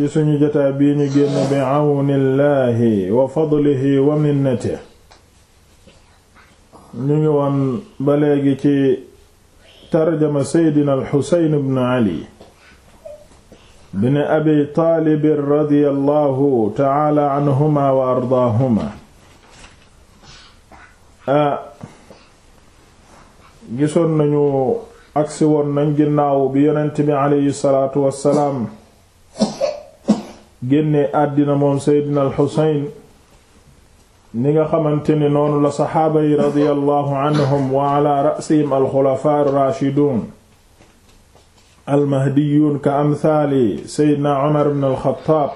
ci suñu jotaay bii ñu génn bi àwnillaahi wa fadlihi wa minnati ñu ngi woon ba léegi ci tarjama seydina alxuseyn bn ali bn abi taalib radiyallahu taala anhuma wa ardaahuma a gisoon nañu agsi woon nañ ginnaaw bi yonent bi aleyhi salaatu wassalaam génne àddina moom seydina alxusayn ni nga xamante ne noonu la saxaaba yi radiyallahu anhum wa ala alxulafaa rrachidun almahdiyuun ka amthaali seydina umar ibn alxataab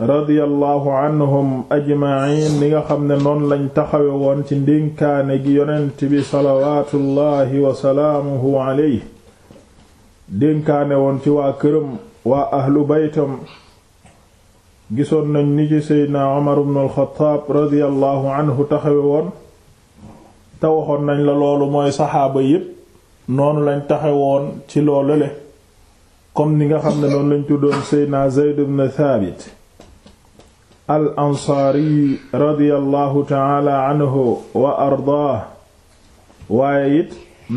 radiyallahu anhum ajmaciin ni nga xam ne noonu lañ taxawe woon ci ndénkaane gi yonent bi salawaatullahi wa salaamuhu alayhi dénkaane woon ci waa këram waa ahlu baytam gisoon nañ ni ci seydna Umar ibn al-Khattab taxawe woon te waxoon nañ la loolu mooy saxaaba yépp noonu lañ taxewoon ci loolu le comme ni nga xam ne noonu lañ tuddoon seydna Zayd ibn Thabit al ansaari radiyallahu taala anhu wa ardaah waaye it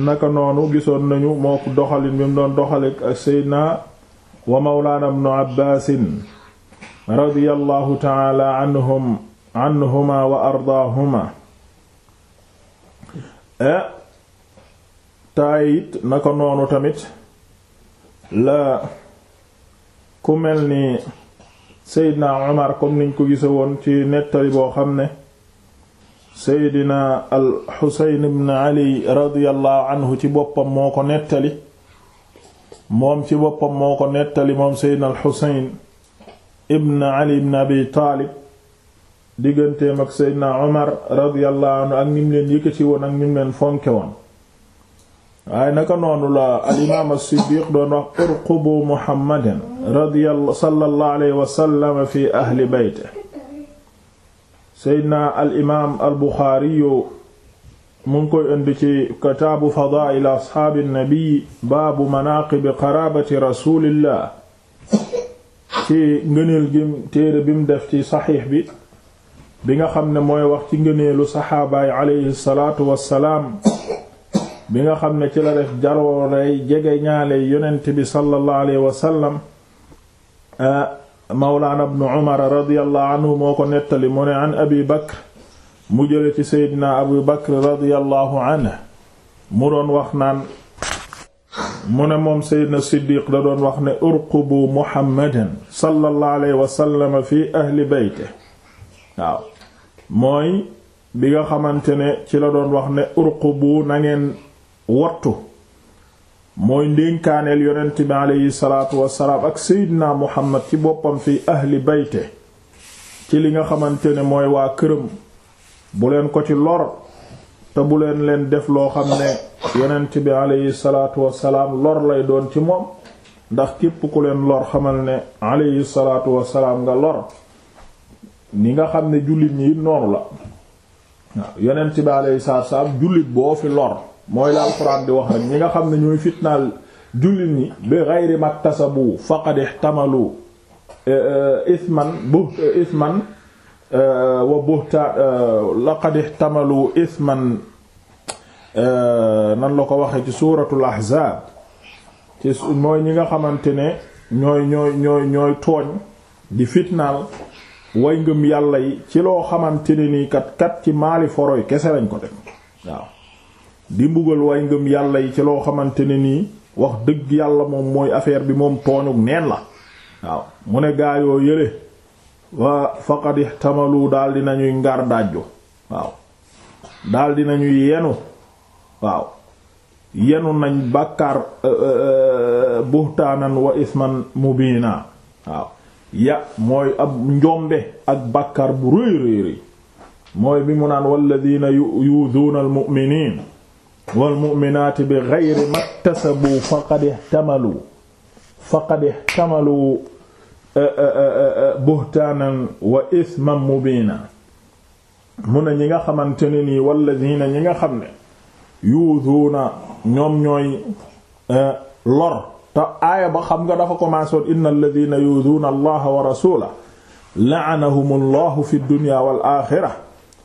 naka noonu gisoon nañu moo ko doxalin bi mu doon doxale ak seydna wa mawlaana ibnu abbaasin radiyallahu taala wa ardaahuma e, taayit na ko noonu tamit la ku mel ni seydina umar comme niñ ko gisa woon ci nettali boo xam ne seydina al xuseyn ibn ali radiyallahu ci boppam moo ko nettali moom ci woppam moo ko nettali moom seydna alxusayn ibn ali ibn abi taalib digganteem ak seydna omar radiyallahu anhu ak nim leen yëkkati woon ak nim leen fonke woon waaye naka noonu la alimaam as doon wax urqubu muhammadan radiyallahu sallallahu alayhi wa sallam fi ahli bayte seydna alimaam al mu ngi koy indi ci kitaabu fadaa'il asxaabi nabi baabu manaaqibi qaraabati rasulillah ci ngëneel gi téere bi mu def ci saxiix bi bi nga xam ne mooy wax ci ngëneelu saxaabaay aleyhi salaatu wassalaam bi nga xam ne ci la def jaroorey jege ñaale yonent bi sallallahu alayhi wa moo ko nettali mu ne abi bakr mu jële ci seydina abu bakr radiyallahu anhu mu doon wax naan mu ne moom seydina siddiq da doon wax ne urqubu muhammadan sallallahu alayhi wasallam fi ahli beyte waaw mooy bi nga xamante ne ci la doon wax ne urqubu na ngeen wattu mooy ndénkaaneel yonent bi aleyhi salaatu wasalaam ak seydina muhammad ci boppam fi ahli beyte ci li nga xamante ne mooy waa këram bu leen ko ci lor te bu leen leen def loo xam ne yonent bi aleyhi salaatu wasalaam lor lay doon ci moom ndax képp ku leen lor xamal ne aleyhi salaatu wasalaam nga lor ni nga xam ne jullit ñi noonu la waaw yonent bi aleyhi salaatu jullit boo fi lor mooy la alxuraan di wax rek ñi nga xam ne ñooy fitnaal jullit ñi bi ghayri maktasabu faqad ihtamalu eh, eh, isman bu eh, isman wa buhta eh, laqad ihtamalu ithman eh, nan la ko waxee ci suuratul ahzaab ci mooy ñi nga xamante ne ñooy ñooy tooñ di fitnaal way ngëm yàlla yi ci loo xamante nii kat kat ci maali foroy kese lañ ko def waaw di mbugal way ngëm yàlla yi ci loo xamante ne nii wax dëgg yàlla moom mooy affaire bi moom tooñu neen la waaw mu ne gaayoo yële waa faqad ihtamalu daal dinañuy ngar dàjju daal dinañuy yenu waaw yenu nañ bakkar euh, euh, buhtaanan wa isman mubina ya mooy ab njombe ak bakkar bu rëy mooy bi mu naan walladina yu'dhuna almu'minin walmu'minati bighayri maktasabu faqad ihtamalu faqad ihtamalu Eh, eh, eh, buhtaanan wa isman mubiina mu ne ñi nga xamante ne nii walladina ñi nga xam ne yuuzuuna ñoom ñooy lor te aaya ba xam nga dafa commencé woon inna alladina yuuzuuna allaha wa rasulahu la'anahum allahu fi dunya wal axira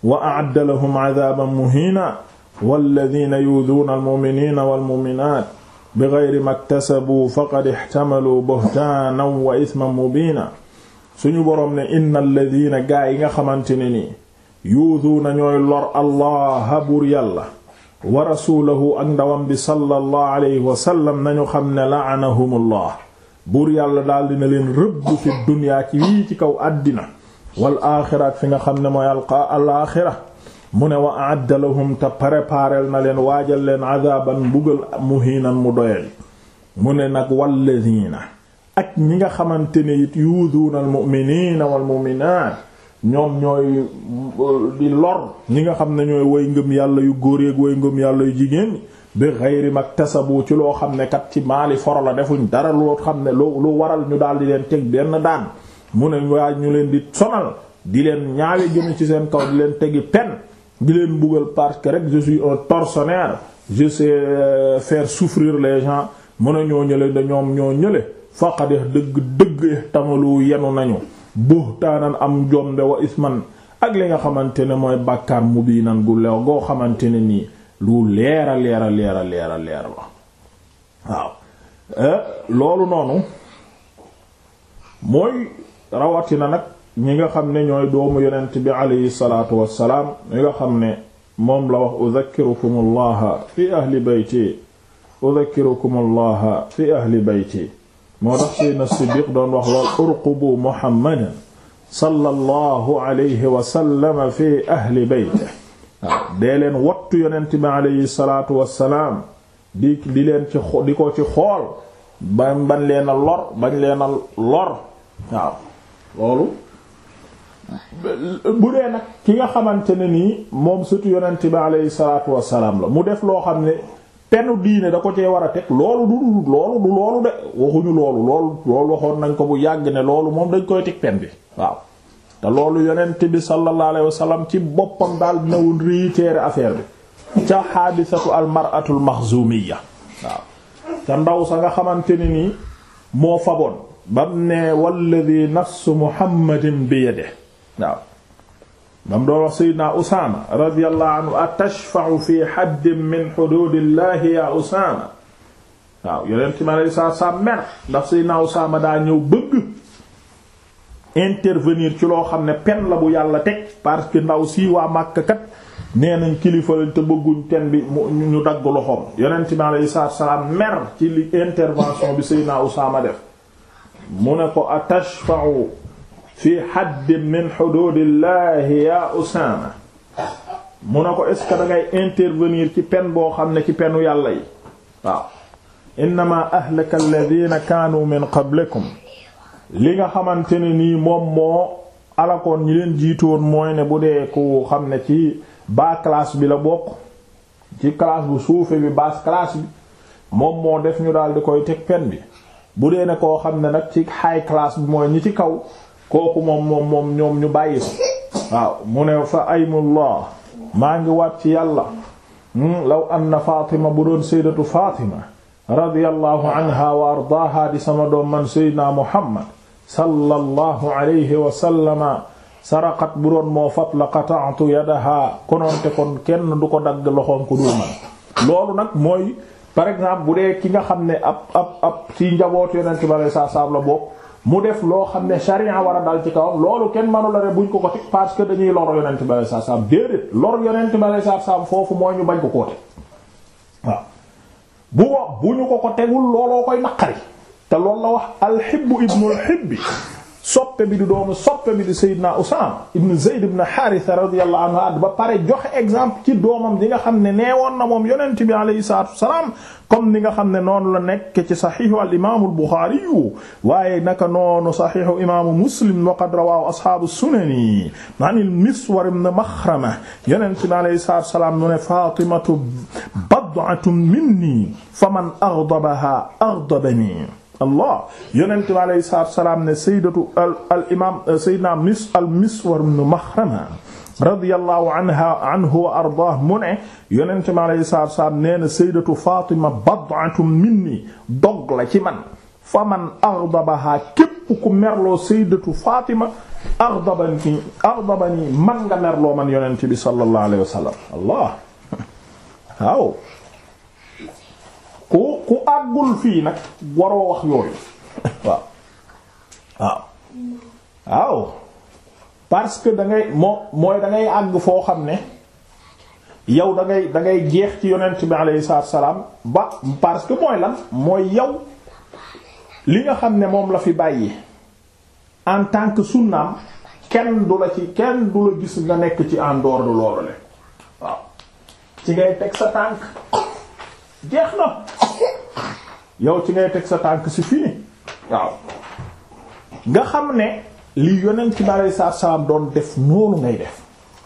wa a'adda lahum adaban muhiina walladina yuuzuuna almuminina walmuminaat bi geyri maktasabu faqad ixtamalu buhtaanan wa ithman mubiina suñu boroom ne inna alladina gaa yi nga xamante ne nii yuuduuna ñooy lor allah buur wa rasuulahu ak ndawam bi sallallahu alayhi wasallam nañu xam ne la'anahumullah buur yàlla daal dina leen rëbb fi dunyaa ci wii ci kaw àddina wal aaxiraat fi nga xam ne mooy al aaxira mu ne wa a'adda lahum te préparel na leen waajal leen adaban mbugal muhiinan mu doyel mu ne nag walladina ak ñi nga xamante ne it yuuduuna al mu'miniina wal mu'minaat ñoom ñooy euh, di lor ñi nga xam ne ñooy way ngëm yàlla yu góor ak way ngëm yàlla yu jigéen bi xayri maktasabu ci loo xam ne kat ci maali foro la defuñ dara loo xam ne lu lu waral ñu daal di leen teg benn daan mu ne waa ñu leen di sonal di leen ñaawe jëme ci seen kaw di leen tegi di leen mbugal parce que rek je un tortionnaire je sais euh, faire souffrir les gens mën a ñoo ñële da ñoo ñële faqad dëgg dëgg tamalu yenu nañu buhtaanan am jombe wa isman ak li nga xamante ne mooy bàkkaar mubiinan gu lew goo xamante ne nii lu leera leera leera leera leer la waaw euh, loolu noonu mooy rawatina nag ñi nga xam ne ñooy doomu yonent bi aleyhi salaatu wassalaam ñi nga xam ne moom la wax udhakkirukum allaha fi ahli bayti udhakkirukum allaha fi ahli bayti moo tax seydna siddiq doon wax lool urqubu muhammadan sallallahu alayhi wasallam fi ahli bayti waaw leen wattu yonent bi aleyhi salaatu wassalaam di di leen ci di ko ci xool ba ban leen a lor bañ leen a lor loolu bu dee nag ki nga xamante ne nii moom sëtu yonent bi aleyhi salaatu wassalaam la mu def loo xam ne penu diine da ko cee war a teg loolu du loolu du loolu de waxuñu loolu loolu waxoon nañ ko bu yàgg ne loolu moom dañ koy teg pen bi waaw te loolu yonent bi sallallahu alayhi ci boppam daal dina woon réitérer affaire bi ca xaadisatu al mar'atul waaw ca ndaw sa nga xamante ne nii moo faboon bam ne walladi nafsu muhammadin bi yadihi waaw bam doo wax sayyidina Usaama radiyallahu anhu atashfa'u fi haddin min hududillahi ya Usaama waaw yonent mi alayhi salaatu salaam mer ndax sayyidina Usaama daa ñëw bëgg intervenir ci loo xam ne pen la bu yàlla teg parce que ndaw si waa Makka kat nee nañ kilifa lañ te bëgguñ ten bi mu ñu dagg loxoom yonent mi alayhi salaatu salaam mer ci intervention bi sayyidina Usaama def mu ne ko atashfa'u fi haddin min xuduudillahi yaa Usaama mu ne ko est-ce que intervenir ci pen boo xam ne ci penu yàlla yi waaw innama ahlaka alladhina kaanu min qablikum li nga xamante ne nii moom moo alakoon ñi leen jiitoon mooy ne bu dee ku xam ne ci bas classe bi la bokk ci classe bu suufe bi basse classe bi moom moo def ñu daal di koy teg pen bi bu dee ne koo xam ne nag ci high classe bi mooy ñi ci kaw kooku moom moom moom ñoom ñu bàyyi ko waaw mu ne fa aymullah maa ngi waat ci yàlla hmm, law anna Fatima bu doon sayyidatu Fatima radiyallahu anha wa ardaaha di sama doom man sayyidina Muhammad sallallahu alayhi wa sallama saraqat bu doon moo fat la yadaha kononte kon kenn du ko dagg loxoom ko dul man loolu nag mooy par exemple bu dee ki nga xam ne ab ab ab ci njaboot yonent bi sallallahu alayhi wa mu def loo xam ne sharia war a dal ci kawam loolu kenn manu la ne buñ ko ko teg parce que dañuy lor yonent bi alei satu salaam déedéet lor yonent bi alei satu foofu mooy ñu bañ ko koo teg waaw bu bu ñu ko ko tegul looloo koy naqari te loolu la wax alxibbu ibnul xibbi soppe bi di doomu soppe bi di Seydina Usaama ibn Zayd ibn Haarisa radiyallahu anhu ba pare joxe exemple ci doomam di nga xam ne neewoon na moom yonent bi alayhi salaatu wasalaam comme ni nga xam ne noonu la nekk ci saxiixu al imaamu al Buxaari waaye naka noonu saxiixu imaamu Muslim wa qad rawaahu ashaabu sunani an al Miswar ibn Maxrama yonent bi alayhi salaatu wasalaam mu ne Faatimatu bad'atun minni faman aghdabahaa aghdabanii allah yonent bi alayhi salaatu wa salaam ne sayyidatu al al imaam euh, sayyidina mis al miswar ibn maxrama radiyallahu anha anhu wa ardaah mu ne yonent bi alayhi salaatu wa salaam nee na sayyidatu Fatima bad'atun minni dog la ci man fa man agdabahaa képp ku merloo sayyidatu Fatima agdabani agdabani man nga merloo man yonent bi sallallahu alayhi wa sallam allah waaw ku ku àggul fii nag waroo wax yooyu waaw waaw parce que da moo mooy da àgg foo xam ne yow dangay dangay jeex ci yonent bi alayhi salaam ba parce que mooy lan mooy yow li nga xam ne moom la fi bàyyi en tant que sunnaam kenn du la ci kenn du la gis nga nekk ci en dehors du loolu le waaw ci ngay teg sa tànk. jeex na yow ci ngay teg sa tànk si fini waaw nga xam ne li yonent bi aleyhi salaatu salaam doon def noonu ngay def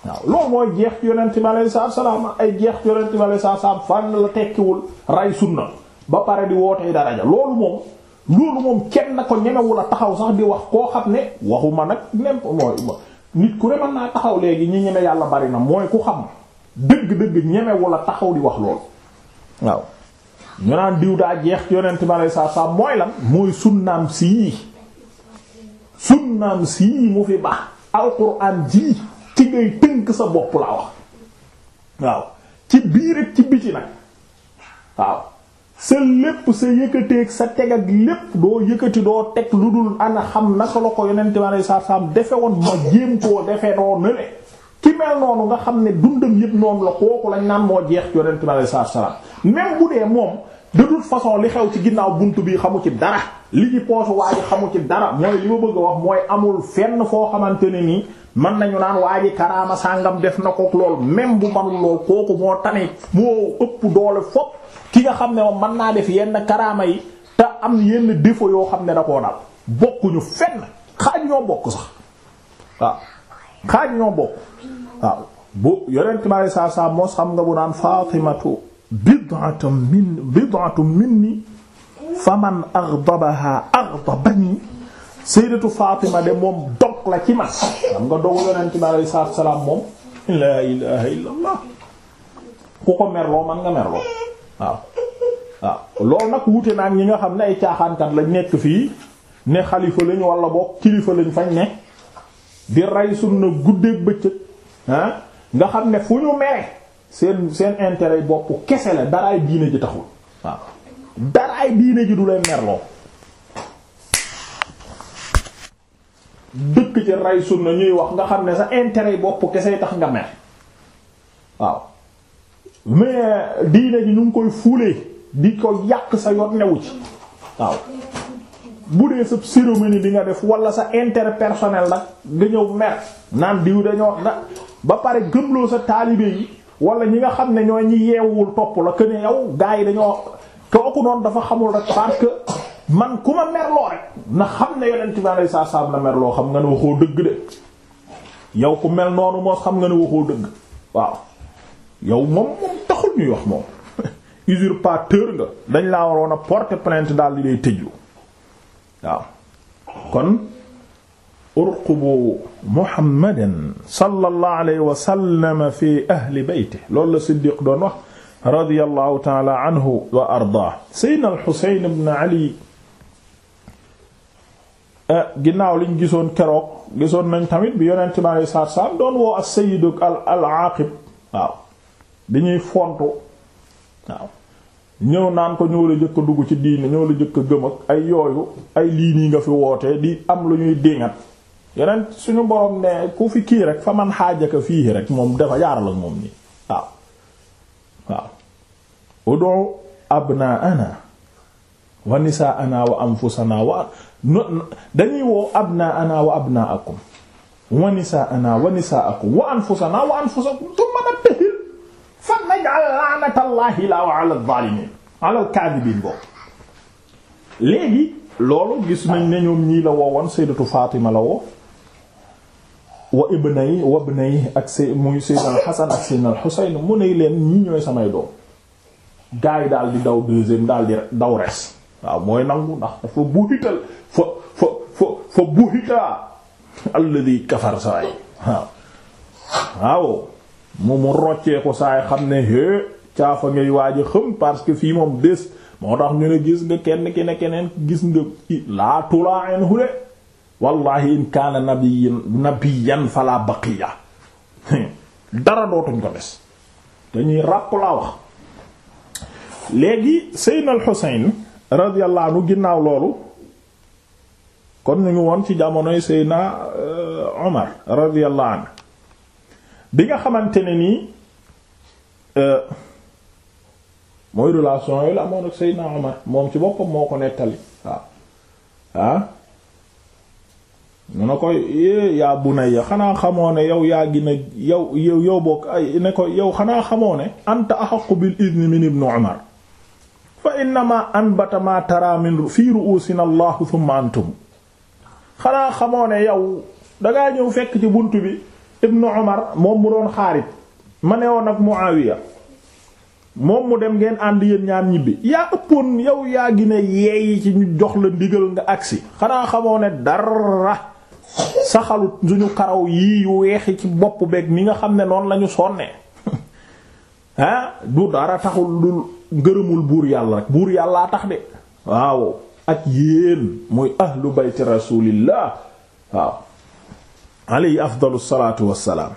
waaw loolu mooy jeex ci yonent bi aleyhi salaatu salaam ay jeex ci yonent bi aleyhi salaatu salaam fan la tekkiwul ray sunna ba pare di wootee daraja loolu moom loolu moom kenn ko ñemewul a taxaw sax di wax koo xam ne waxuma nag nem mooy nit ku ne mën naa taxaw léegi ñi ñeme yàlla bari na mooy ku xam dëgg-dëgg ñemewul a taxaw di wax loolu waaw ñu naan diw daa jeex yonent bi aleyhi saam mooy lan mooy sunnaam sii sunnaam sii mu fi baax alquran ji ci ngay tënk sa bopp laa wax waaw ci biir ak ci biti nag waaw sa lépp sa yëkkateeg sa teg ak lépp doo yëkkati doo teg lu dul ana xam naka la ko yonent bi aleyhi salaatu defe woon ma jéem koo defe doo nële ki mel noonu nga xam ne dundam yëpp noonu la kooku lañ naan moo jeex ci yonent bi alayhi salaam même bu dee moom de toute façon li xew ci ginnaaw buntu bi xamu ci dara li ci poosu waa xamu ci dara mooy li bëgg a wax mooy amul fenn foo xamante ne nii mën nañu naan waa ji karaama sàngam def na ko lool même bu manul lool kooku moo tane moo ëpp doole fop ki nga xam ne moom mën naa def yenn karaama yi te am yenn défaut yoo xam ne da koo dal bokkuñu fenn xaaj ñoo bokk sax xaaj ñoo bokk waaw bu yonent ma saa saa mos xam nga bu naan Faatimatu bid'atun min bid'atun minni faman aghdabaha aghdabani sayyidatu Faatima de moom dog la ci man xam nga dogu yonent ma saa salaam moom laa ilaaha illallah ku ko merloo man nga merloo waaw waaw loolu nag wuute naa ñi nga xam ne ay caaxaankat lañ nekk fii ne xalifa lañ wala bokk kilifa lañ fañ ne di rey sunna guddeeg bëccëg ah nga xam ne fu ñu mere seen seen intérêt boppu kese la daraay diine ji taxul waaw daraay diine ji du lay merloo dëkk ci rey sunna ñuy wax nga xam ne sa intérêt boppu kese tax nga mer waaw mais diine ji ñu ngi koy fuulee di ko yàq sa yoon newu ci waaw bu dee sa cérémonie bi nga def wala sa intérêt personnel nag nga ñëw mer naan diw dañoo na ba pare gëmloo sa taalibe yi wala ñi nga xam ne ñoo ñi yeewul topp la que ne yow gaa yi dañoo kooku noonu dafa xamul rek parce que man ku ma merloo rek na xam ne yonent bi alayhi salaam merloo xam nga ne waxoo dëgg de yow ku mel noonu moo xam nga ne waxoo dëgg waaw yow moom moom taxul ñuy wax moom usurpateur nga dañ laa waroon a porter plainte daal di lay tëju. waaw kon urqubu muhammadan sallallahu alayhi wa sallam fi ahli beyte loolu la siddiq doon wax radiyallahu taala anhu wa ardaa seydna al xuseyn ibn ali eh, ginnaaw liñ gisoon keroog gisoon nañ tamit bi yonent bi alayhi salaatu salaam doon woo as-sayyid al al aaqib waaw bi ñuy fontu waaw ñëw naan ko ñoo la jëkk dugg ci diine ñoo la jëkk gëm ak ay yooyu ay lii nii nga fi wootee di am lu ñuy dingat yeneen suñu borom ne ku fi kii rek fa man ko fii rek moom dafa jaaral ak moom nii waaw waaw ud'u abnaana wa nisaana wa anfusana wa dañuy woo abnaana wa abnaakum wa nisaana wa nisaakum wa anfusana wa anfusakum fan najal laanatallaahi la ala zaalimiin ala kaadibiin boobu léegi loolu gis nañ ne ñoom ñii la woowoon sayyidatu Fatima la woo wa ibnay wa ibnay ak s muy sayyidina Hasan ak sayyidina Husayn mu ne leen ñi ñooy samay doom gars yi daal di daw deuxième daal di daw res waaw mooy nangu ndax dafa buhital fa fa fa fa buhita alladhi kafar saray waaw waaw mu mu roccee ko saay xam ne é caafa ngay waaj a parce que fii moom bés moo tax ñu ne gis nga kenn ki ne keneen gis nga laa tulaa en hule wallahi in kaana nabiyyan nabiyyan fala baqiya dara dootuñ ko des dañuy ràpp laa wax léegi seydna al xuseyn radiyallahu ginnaaw loolu kon ñu ngi woon ci jamonoy seydna euh, omar radiyallahu anhu bi nga xamante ne nii euh, mooy relation yooyu la amoon ak Seydina Omar moom ci boppam moo ko nettali waaw ah mu ne ko eh, yaa bunayya xanaa xamoo ne yow yaa gi ne yow bokk ay ne ko yow xanaa xamoo ne anta ahaqqu bil idni min ibnu Umar fa innama anbata ma tara min fi ru'usina Allahu thumma antum xanaa xamoo ne yow dangaa ñëw fekk ci bunt bi ibnu Umar moom mu doon xaarit ma ne woon ak Muawiya moom mu dem ngeen ànd yéen ñaar ñibbi yaa ëppoon yow yaa gi ne yeey ci ñu jox la ndigal nga agsi xanaa xamoo ne dara saxalut suñu karaw yii yu weexi ci bopp beeg ni nga xam ne noonu lañu sonnee ah du dara taxul lu ngërëmul buur yàlla rek buur yàllaa tax de waaw ak yéen muy ahlu bayti rasulillah waaw alayhi afdalu salaatu wassalaam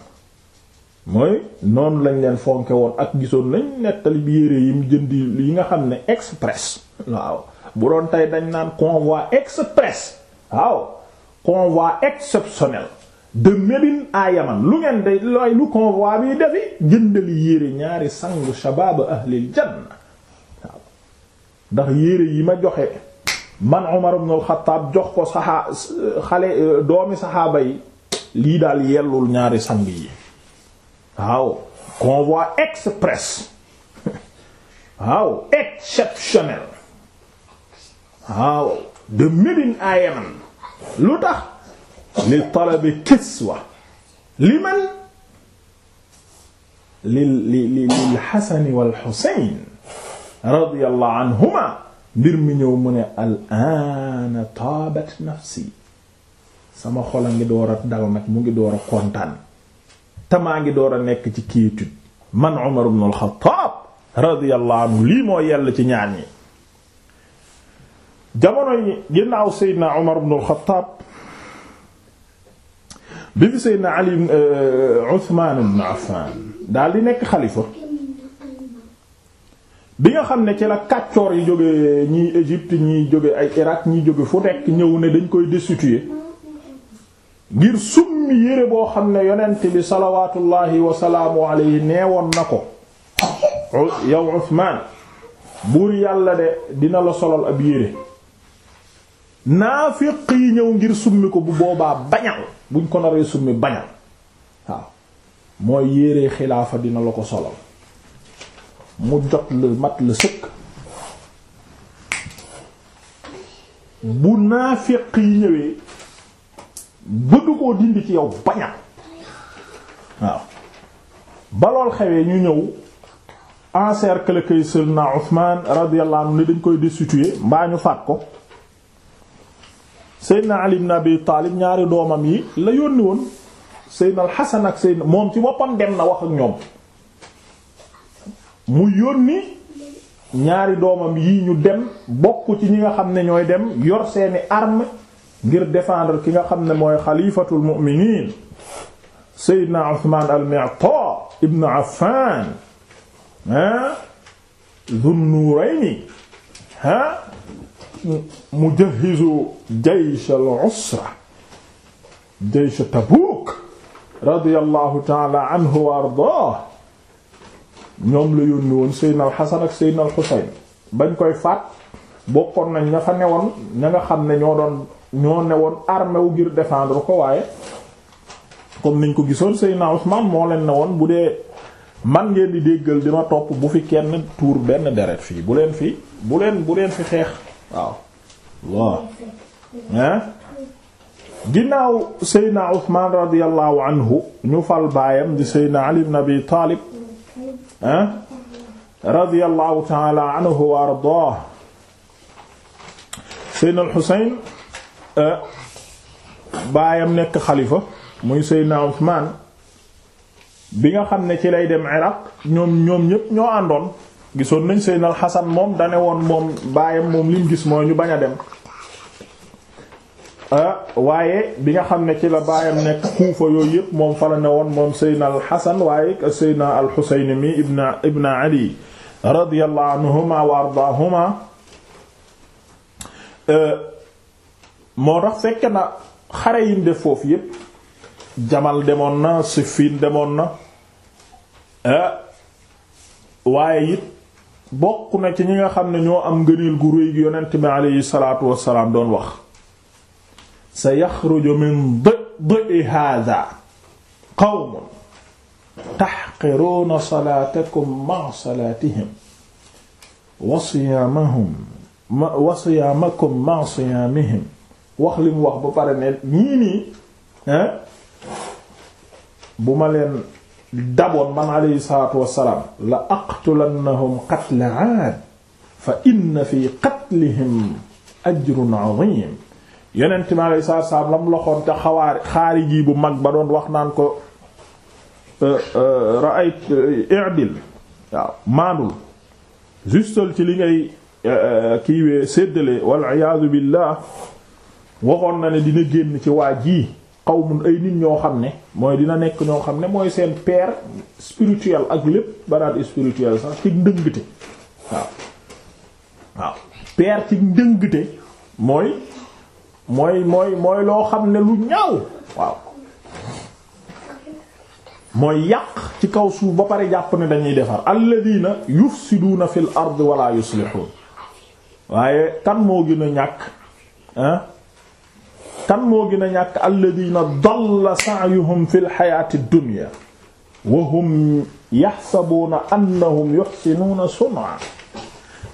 mooy noonu lañ leen fonke woon ak gisoon nañ nettali bi yére yi jënd yi nga xam ne express waaw bu doon tey dañ naan convoi express waaw convoi exceptionnel de Médine à Yaman lu ngeen de looy lu convoi bi defi jëndali yére ñaari sangu shabaab ahlil janna waaw ndax yére yi ma joxe man Umar ibn al jox ko saxaa xale doomi saxaaba yi lii daal yellul ñaari sang yi waaw convoi express waaw exceptionnel waaw de Médine à Yaman lu tax li talabi kiswa li man lil li lil Hasan wal Husayn radiyallahu anhuma mbir mi ñëw mu ne al ana taabat nafsi sama xol a ngi door a dal nag mu ngi door a kontaan te maa ngi door a nekk ci quiétude man Umar ibn al-Khattab lii moo yell ci ñaan yi jamono yi ginnaaw Seydina Umar ibn al-Khattab bi fi Seydina Ali eh, Uthman ibn Affan daal di nekk xalifa bi nga xam ne ci la kàccoor yi jóge ñiy Égypte ñiy jóge ay Irak ñiy jóge fu nekk ñëw ne dañ koy destituer ngir summi yére boo xam ne yonent bi salawaatullahi wasalaamu nee woon na ko yow Usmaan buur yàlla de dina la solal ab yére naafiq yi ñëw ngir summi ko bu boobaa bañal buñ ko naree summi bañal waaw mooy yére xilaafa dina la ko solal mu jot la mat la sëkk bu naafiq yi ñëwee bëgg koo dindi ci yow bañal waaw ba xewee ñu ñëw encercle kay sëlna Usmaan radiyallahu anhu ni dañ koy destituer mbaa ñu faat ko Seydina Ali na Abi Taalib ñaari doomam yi la yónni woon Seydina Al ak Seydina moom ci boppam dem na wax ak ñoom mu yónni ñaari doomam yi ñu dem bokk ci ñi nga xam ne ñooy dem yor seeni arm ngir défendre ki nga xam ne mooy xalifatul mu'miniin Seydina Usmaan al-Mi'taa ibn Affaan ah, ah, mu Dun-Nuurayni ah mujahhizu jaysh al-usra jaysh Tabuuk radiyallahu ta'ala anhu wa ardaahu ñoom la yónni woon Seydina ak Seydina al-Husayn bañ koy faat bokkoon ña fa newoon ña nga xam ne ñoo doon ñoo ne woon armé ngir défendre ko waaye comme niñ ko gisoon Seydina Ousmane moo leen ne woon bu dee man ngeen di déggal di ma topp bu fi kenn tuur benn deret fii bu leen fi bu leen bu leen fi xeex waaw waaw hein ginnaaw Seydina Ousmane radiyallahu anhu ñu fal baayam di Seydina Ali ibn Abi Talib hein radiyallahu ta'ala anhu wa ardaah Seydina al Euh, baayam nekk xalifa muy Seydina Usmaan bi nga xam ne ci lay dem Iraq ñoom ñoom ñépp ñoo àndoon gisoon nañ Seydina al Xasan moom dane woon moom baayam moom lim gis mooy ñu bañ a dem euh, waaye bi nga xam ne ci la baayam nekk Kuufa yooyu yépp moom fa la ne woon moom Seydina al Xasan waaye Seydina al mi ibn ibn Ali radiyallahu wa ardaahuma euh, moo tax fekk na xare yim def foofu yépp jamal demoon na Siffin demoon na ah, waaye it bokk na ci ñi nga xam ne ñoo am ngëneel gu réy gi yonent bi aleyhi salaatu wassalaam doon wax sa yaxruju min didi hada qawmun taxqiruuna salaatakum ma salaatihim wa siyaamahum ma siyaamihim wax li mu wax ba pare ne ñii nii bu ma leen daboon man alayhi salaatu wassalaam la aqtulannahum qatla aad fa inna fi qatlihim ajrun azim yonent mi alayhi salaatu wassalaam la mu loxoon te xawaari xaariji bu mag ba doon wax naan ko euh, euh, ra'ayt euh, i'dil waaw maandul justal ci li ngay kiiwee séddale wal iyaadu billah waxoon na ne dina génn ci waa ji xawmun ay nit ñoo xam ne mooy dina nekk ñoo xam ne mooy seen père spirituel ak lépp baraat spirituel sax ci ndëngte waaw waaw père ci ndëngte mooy mooy mooy mooy loo xam ne lu ñaaw waaw mooy yàq ci kaw suuf ba pare jàpp ne dañuy defar alladina yufsiduuna fil ard wala yuslihun waaye kan moo gën a ñàkk kan moo gën a ñàkk alladina dalla sa'yuhum fi lxayaati dunya wa hum yaxsabuuna annahum yuxsinuuna sun'a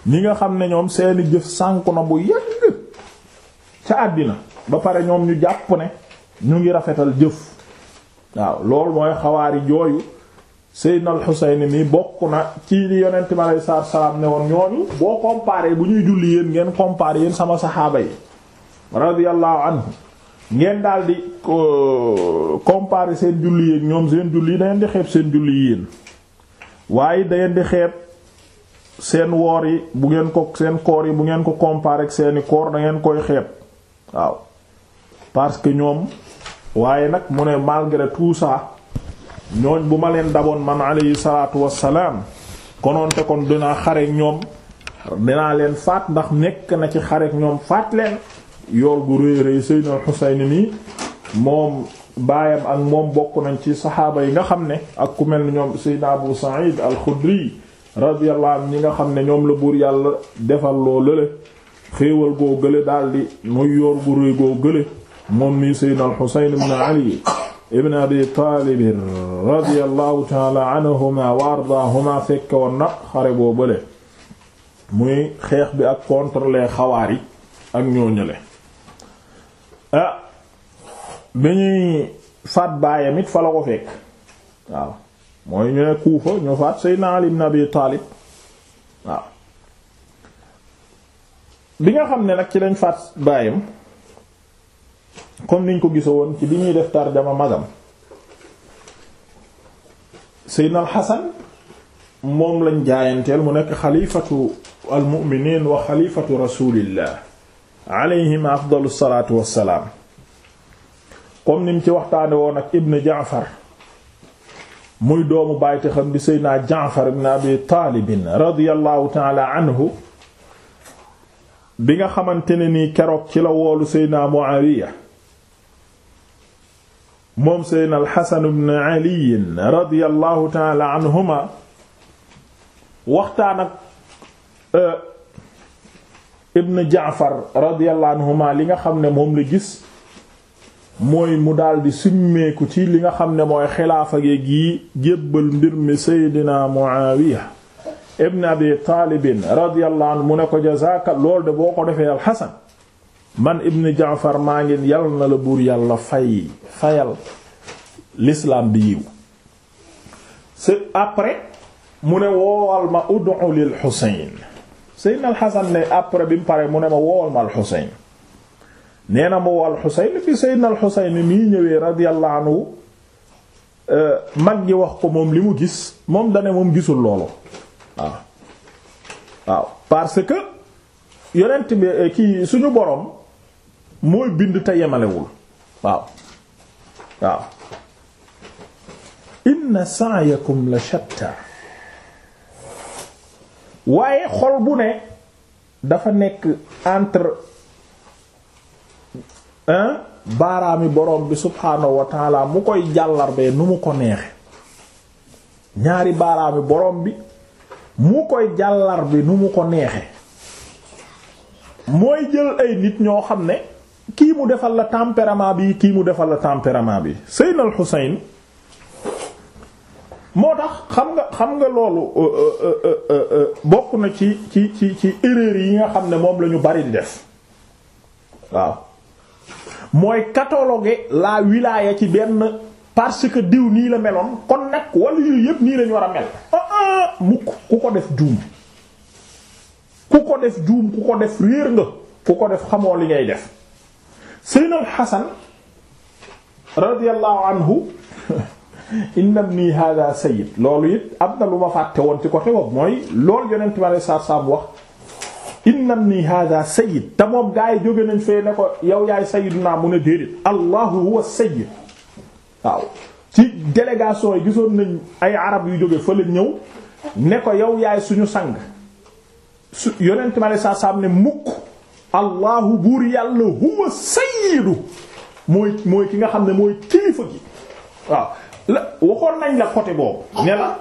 ñi nga xam ne ñoom seeni jëf sànk na bu yàgg ca àddina ba pare ñoom ñu jàpp ne ñu ngi rafetal jëf waaw loolu mooy xawaari jooyu Seydina al-Husayn mi bokk na ci li yonent mi saa salaatu salaam ne woon ñooñu boo comparé bu ñuy julli yéen ngeen comparé yéen sama saxaaba yi radiyallahu anhu ngeen daal di comparer seen julli yéeg ñoom seen julli yi dangeen di xeeb seen julli yi waaye dangeen di xeeb seen woor yi bu ngeen ko seen koor yi bu ngeen ko comparer ak seeni koor dangeen koy xeeb waaw parce que ñoom waaye nag mu ne malgré tout ça ñooñ bu ma leen daboon man alayhi salaatu wassalaam konoonte kon dinaa xare ñoom dinaa leen faat ndax nekk na ci xare ñoom faat leen yool gu rëy rëy Seydina al nii moom baayam ak moom bokk nañ ci saxaaba yi nga xam ne ak ku mel ni ñoom Seydina Abu Sa'id al-Khudri radiyallahu ñi nga xam ne ñoom la buur yàlla defal loo lële xéewal goo gële daldi muy yoor gu rëy goo gële moom nii Seydina al-Husayn ibn Ali ibn Abi Talib radiyallahu ta'ala anhuma wa ardaahuma fekk woon xare boo bële muy xeex bi ak contre xawaar yi ak ñoo ñële ah bi ñuy faat baayam it fa la ko fekk waaw mooy ñu Kuufa ñu faat Seydina Ali ibn Abi Taalib waaw bi nga xam ne nag ci lañ faat baayam comme niñ ko gisa woon ci bi ñuy def tarjama magam Seydina al Hasan moom lañ jaayanteel mu nekk xalifatu al mu'miniin wa xalifatu rasulillah alayhim afdalu salaatu wassalaam comme nim ci waxtaane woon ak ibn jaafar muy doomu bàyyte xam di seydna jaafar ibn abi taalibin radiyallahu taala anhu bi nga xamante ne nii keroog ci la woolu seydna muawiya moom seydna alxasan ibn ali radiyallahu taala anhuma waxtaan ak euh, ibn jaafar radiyallahu li nga xam ne moom la gis mooy mu daldi simmeeku ci li nga xam ne mooy xilaafa gi jébbal mbir mi seydina muawiya ibn abi taalibin radiyallahu mu ne ko jazaaka lool de boo ko defee alxasan man ibn jaafar maa ngi yal na la buur yàlla fay fayal lislaam bi yiw c'est après mu ne woowal ma ud'u lil xuseyn Seydina Alxasan ne après bi mu paree mu ne ma woowal ma Alxuseyn nee na ma woo Alxuseyn bi Seydina Alxuseyn mii ñëwee radiyallahu anhu euh, mag gi wax ko moom li mu gis moom dane moom gisul loolu waaw waaw parce que yonent bi euh, kii suñu borom mooy bind te yemalewul waaw waaw inna sa'yakum la shatta waaye xol bu ne dafa nekk entre un baaraami borom bi subhaanahu wa mu koy jàllarbee nu mu ko neexe ñaari baaraami borom bi mu koy jàllar bi nu mu ko neexe mooy jël ay nit ñoo xam ne kii mu defal la tempérament bi kii mu defal la tempérament bi Seynal Xuseyn moo tax xam nga xam nga loolu euh, euh, euh, bokk na ci ci ci ci erreur yi nga xam ne moom lañu bari di def waaw mooy cataloguer la wilaya ci benn parce que diw nii la meloon kon nag wala yu yëpp nii lañu war a mel. Ah, ah, mukk ku ko def juum ku ko def juum ku ko def réer nga ku ko def xamoo li ngay def Seynal Hasan radiyallahu anhu inna ibni hada sayyid loolu it am na lu ma fàtte woon ci côté boobu mooy lool yonent ma lay saab saab wax inna ibni hada sayyid te moom gaa yi jóge nañ fee ne ko yow yaay sayyiduna mu ne déedéet allahu huwa sayyid waaw ci délégation gisoon nañ ay arab yu jóge fële ñëw yow yaay suñu sang su yonent ma lay saab saab ne mukk allahu buur yàlla huwa sayyidu mooy mooy ki nga xam ne mooy kilifa gi waaw la waxoon nañ la côté boobu ne la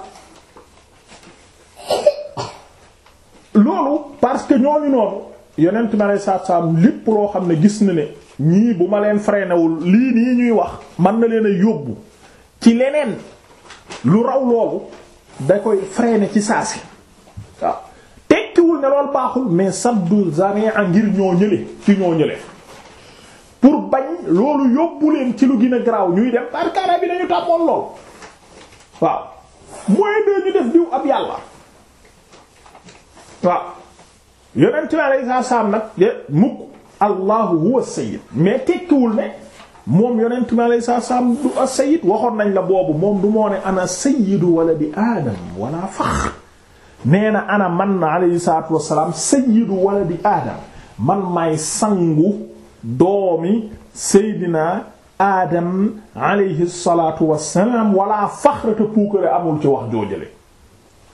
loolu parce que ñooñu noonu yonent ma lay saab saab lépp loo xam ne gis na ne ñii bu ma leen freinéwul lii nii ñuy wax man na leen a yóbbu ci leneen lu raw loolu da koy freiné ci saa si tekkiwul ne loolu baaxul mais sabdul zari'a ngir ñoo ñële ci ñoo ñële pour bañ loolu yóbbu leen ci lu gën a garaaw ñuy def par bi dañu tàmmoon lool waaw mooy de ñu def diw ab yàlla waaw yonent bi nag de mukk allahu huwa sayyid mais tekkiwul ne moom yonent bi alayhi salaam du waxoon nañ la boobu moom du moo ne ana sayyidu waladi aadam wala faxr na ana man alayhi salaatu wassalaam sayyidu waladi aadam man maay sangu doomi seydina aadam alayhi salaatu wassalaam wala faxrata puukare amul ci wax joojale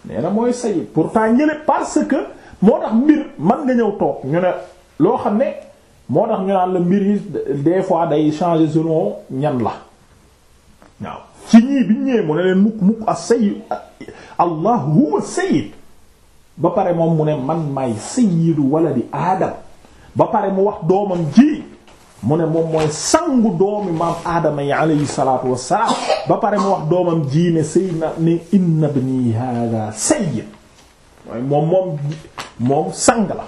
nee na mooy sayid pourtant ñële parce que moo tax mbir mën nga ñëw toog ñu ne loo xam ne moo tax ñu naan la mbir yi des fois day changer selon ñan la waaw ci ñii bi ñëwee mu ne leen mukk mukk a sayid allah huwa sayid ba pare moom mu ne man maay sayidu di aadam ba pare mu wax doomam ji mu ne moom mooy sangu doomi maam aadama yi alayhi salaatu wassalaam ba pare mu wax doomam ji ne sayyidna ne inna ibni hada sayyid mooy moom moom moom sang la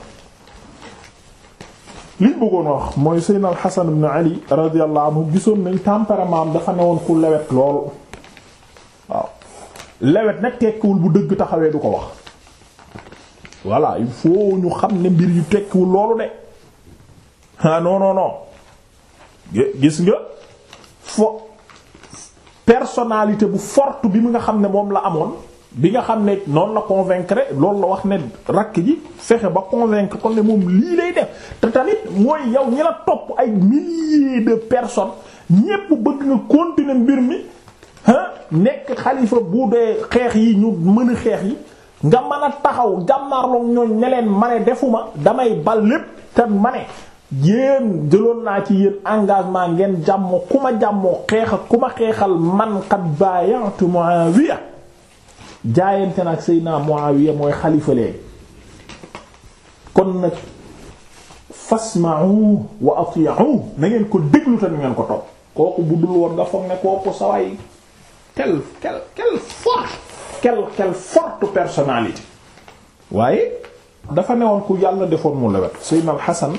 liñ bëggoon wax mooy sayyidna al Hasan Ali radiyallahu anhu gisoon nañ tempérament am dafa newoon ku lewet lool waaw lewet nag tekkiwul bu dëgg taxawee du ko wax voilà il ñu xam ne mbir yu tekkiwul loolu de ah non non gis nga fo personnalité bu fort bi mu nga xam ne moom la amoon bi nga xam ne noonu la convaincre loolu la wax ne rakk ji fexe ba convaincre ko ne moom lii lay def te tamit mooy yow ñi la topp ay milliers de personnes ñépp bëgg nga continuer mbir mi ah nekk xalifa bu dee xeex yi ñu mën a xeex yi nga mën taxaw jàmmaarloog ñooñ ne leen ma defuma damay bal lépp te ma yéen jëloon naa ci yéen engagement ngeen jàmmoo ku ma jàmmoo xeex ku ma xeexal man qad baaya'tu Muawiya jaayante nag Seydina Muawiya mooy xalifa léegi kon nag fasma'u wa ati'u na ngeen ko déglu te ngeen ko topp kooku bu dul woon nga foog ne kooku saway quel quel quel fort quel quel forte personnalité waaye dafa newoon ku yàlla defoon mu lewet Seydina Al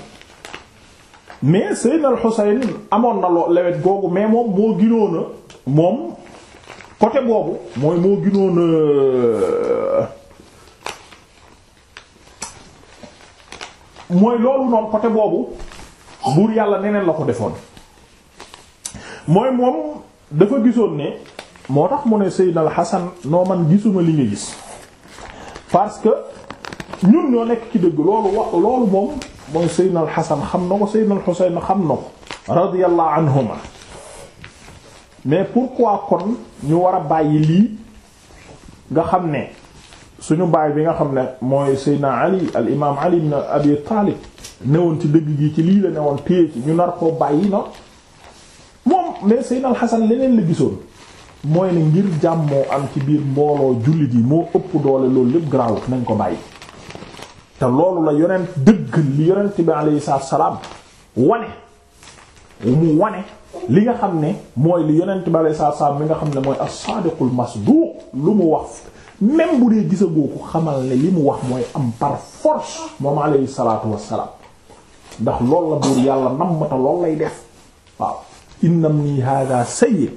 mais Seydina al amoon na loo lewet googu mais moom moo ginoona moom côté boobu mooy moo ginoona mooy loolu noonu côté boobu buur yàlla neneen la ko defoon mooy moom dafa gisoon ne moo tax mu ne Seydina al noo man gisuma li nga gis parce que ñun ñoo nekk ci dëgg loolu wax loolu moom mooy Seydina al Xasan xam na ko Seydina al Xuseyn xam na ko radiyallahu anhuma mais pourquoi kon ñu war a bàyyi lii nga xam ne suñu baay bi nga xam ne mooy Seydina Ali al imaam Ali ibn Abi Taalib newoon ci dëgg gi ci lii la newoon téye ci ñu nar koo bàyyi na moom mais Seydina al Xasan leneen la gisoon mooy ne ngir jàmmoo am ci biir mbooloo jullit yi moo ëpp doole loolu yëpp garaawut nañ ko bàyyi te loolu la yonent dëgg li yonent bi alayhi salaam wane mu wane li nga xam ne mooy li yonent bi alayhi salaam mi nga xam ne mooy as-saadiqul masduuq lu mu wax même bu dee gisagoo ko xamal ne li mu wax mooy am par force moom alayhi salaatu wassalaam ndax loolu la buur yàlla nammata loolu lay def waaw innamni haadaa sayyi'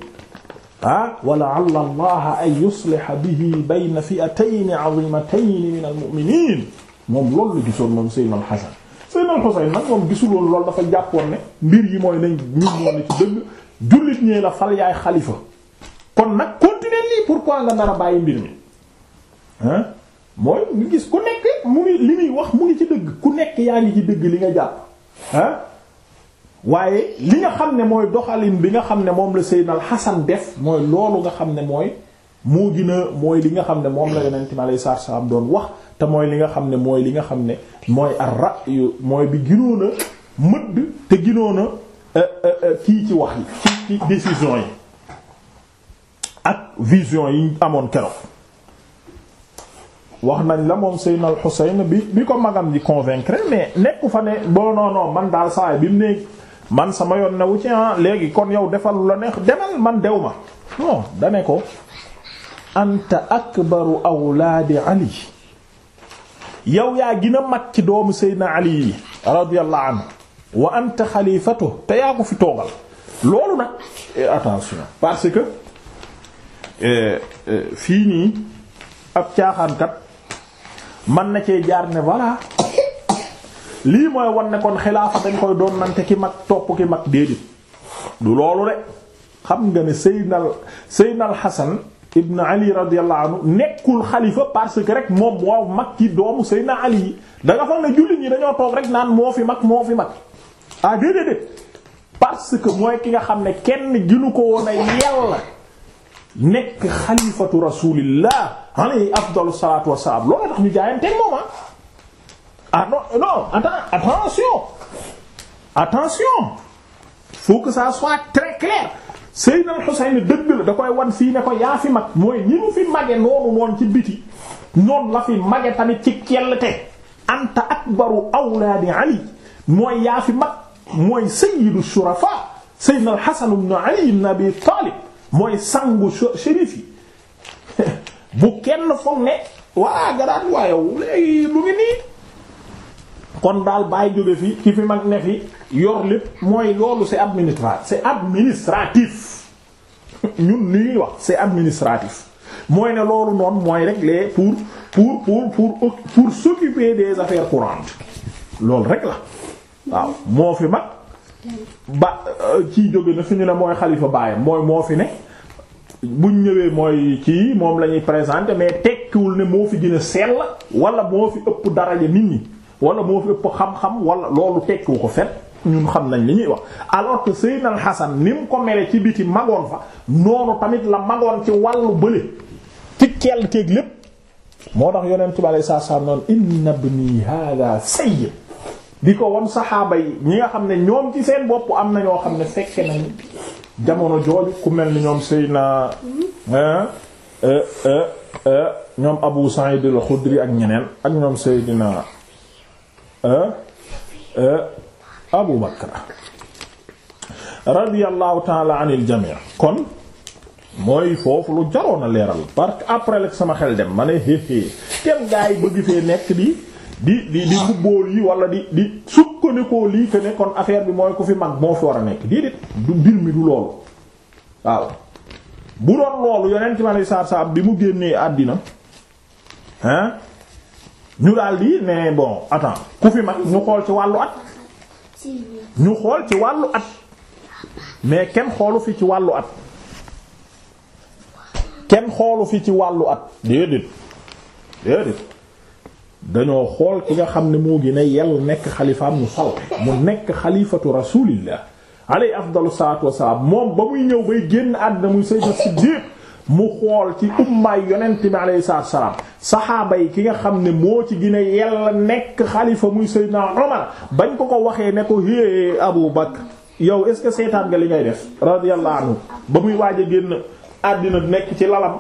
ah wala allah an yusliha bihi bayna fi'atayni 'azimatayni min al-mu'miniin moom loolu la gisoon moom Seydina Al-Hasan Seydina al nag moom gisuloon loolu dafa jàppoon ne mbir yi mooy nañ ñun moo ne ci dëgg la fal yaay xalifa kon nag continuer lii pourquoi nga nar a mu ngi wax mu ngi ci dëgg ku nekk yaa ngi ci dëgg li nga jàpp ah li nga xam ne mooy doxalin bi nga xam ne moom la Seydina Al-Hasan def mooy loolu nga xam ne mooy moo gën a mooy li nga xam ne moom la Yonent mi alayhi lay wa salaam doon wax te mooy li nga xam ne mooy li nga xam ne mooy ar-ra'yu mooy bi ginoon a mëdd te ginoon a euh, euh, euh, kii ci wax yi ci ci décision yi ak vision yi amoon keroog wax nañ la moom Seydina al-Husayn bi bi ko magam di convaincre mais nekku fa ne bon non man daal saay bi mu ne man sama yoon newu ci ah léegi kon yow defal la neex demal man dew ma non dane ko anta akbaru awlaadi Ali yow yaa gën a mag ci doomu Seydina Ali yi radiyallahu anhu wa anta xalifatu te yaa ko fi toogal loolu nag eh, attention parce que eh, eh, fii nii ab caaxaankat mën na cee jaar ne voilà lii mooy wan kon xilaafa dañ koy doon nante ki mag topp ki mag déedéet du loolu rek xam nga ne Seydina Seydina al ibn ali radiyallahu nekkul xalifa parce que rek moom moo mag ci doomu Seydina ali yi da nga jullit ñi dañoo toog rek naan moo fi mag moo fi mag ah déedéet parce que mooy ki nga xam ne kenn ginu ko woon yàlla nekk xalifatu rasulillah alayhi afdalu salatu wasalaam loolu tax ñu jaayante moom ah, ah attention attention faut que ça soit très clair Seydina Xuseyn dëgg la da koy wan fii ko yaa fi mag mooy ñi mu fi mage noonu noon ci biti noonu la fi mage tamit ci kellte anta akbaru awlaadi Ali mooy yaa mag mooy sayyidu shurafa Seydina al-Hasan Ali ibn Abi Talib mooy sangu shérif bu kenn foog ne waa garaat waayow léegi lu ngi kon daal bàyyi jóge fi ki fi mag ne fi yor lépp mooy loolu c'est administratif c'est administratif ñun li wax c'est administratif mooy ne loolu noonu mooy rek les pour pour pour pour pour s'occuper des affaires courantes loolu rek la waaw moo fi mag ba ci euh, jóge na fi ñu ne mooy xalifa baayam mooy moo fi ne buñ ñëwee mooy ci moom la ñuy présenter mais tekkiwul ne moo fi gën a la wala moo fi ëpp daraja nit ñi wala moo fi ëpp xam-xam wala loolu tekkiwu ko fet ñun xam nañ li ñuy wax alors que Seydina Al Hasan ni mu ko mele ci biti magoon fa noonu tamit la magoon ci wàllu bële ci kell teeg lépp moo tax yonent bi alei saat salaam noonu inna ibni di ko won saxaaba yi ñi nga xam ne ñoom ci seen bopp am na ñoo xam ne fekke nañ jamono jooju ku mel ni ñoom sey Seydina euh, euh, euh, ñoom Abu Sa'id al-Khudri ak ñeneen ak ñoom Seydina Abu Bakr radiyallahu taala anil jamii kon mooy foofu lu jaroon a leeral parce que après la sama xel dem ma ne héehée tem gaa yi bëgg fee nekk di di di mbubboo yi wala di di sukkandikoo lii que ne kon affaire bi mooy ku fi mag moo fi war a nekk déedéet du mbir mi du loolu waaw bu doon loolu yonent mi aleyhi salaatu salaam bi mu génnee àddina hein ñu daal di ne bon attends ku fi man ñu xool ci wàllu at ñu xool ci wàllu at mais kenn xoolu fii ci wàllu at kenn xoolu fi ci wàllu at déedéet déedéet dañoo xool ki nga xam ne moo gën a yell nekk xalifaam mu sal mu nekk xalifatu rasulillah alayhi afdalu salaatu wassalaam moom ba muy ñëw bay génn àddina muy sayyidna Siddiq mu xool ci ummaay yonent bi alayhi salaatu salaam saxaaba yi ki nga xam ne moo ci gën a nekk xalifa muy Seydina Omar bañ ko ko waxee ne ko hé Abu Bakr yow est-ce seetaan nga li ngay def radiyallahu anhu ba muy waaje génn àddina nekk ci lalam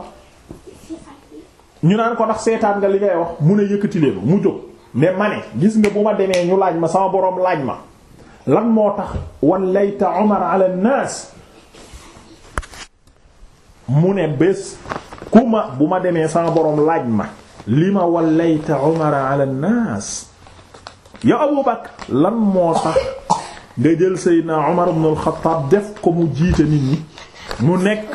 ñu naan ko ndax seetaan nga li ngay wax mu ne yëkkati leen mu jóg ne ma ne gis nga bu ma demee ñu laaj ma sama boroom laaj ma lan moo tax wallayta Omar ala mu ne bés ku ma bu ma demee sama borom laaj ma li ma wallayta umara ala nnaas ya Abu Bakr lan moo tax nga jël Seydina Umar ibn al-Khattab def ko mu jiite nit ñi mu nekk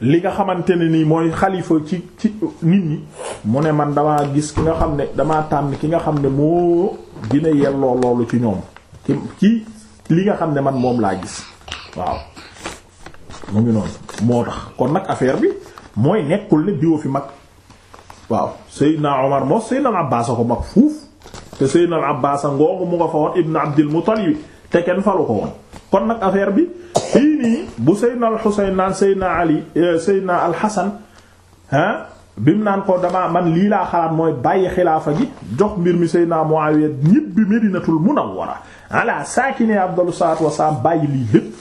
li nga xamante ne nii mooy xalifa ci ci nit ñi mu ne man damaa gis ki nga xam ne damaa tànn ki nga xam ne moo dina yelloo loolu ci ñoom ci ci li nga xam ne man moom laa gis waaw mu ngi noonu moo tax kon nag affaire bi mooy nekkul ne diwo fi mag waaw Seydina Omar moo Seydina Abbaas ko mag fuuf te Seydina Abbaas ngoogu mu nga fa woon Ibn Abdil Muttalib te kenn falu ko woon kon nag affaire bi fii nii bu Seydina al naan Seydina Ali eh, Seydina al Xasan ah naan ko damaa man lii laa xalaat mooy bàyyi xilaafa gi jox mbir mi Seydina Muawiya ñibbi Madinatul Munawwara ala saakini afdalu salaatu wassalaam bàyyi lii lépp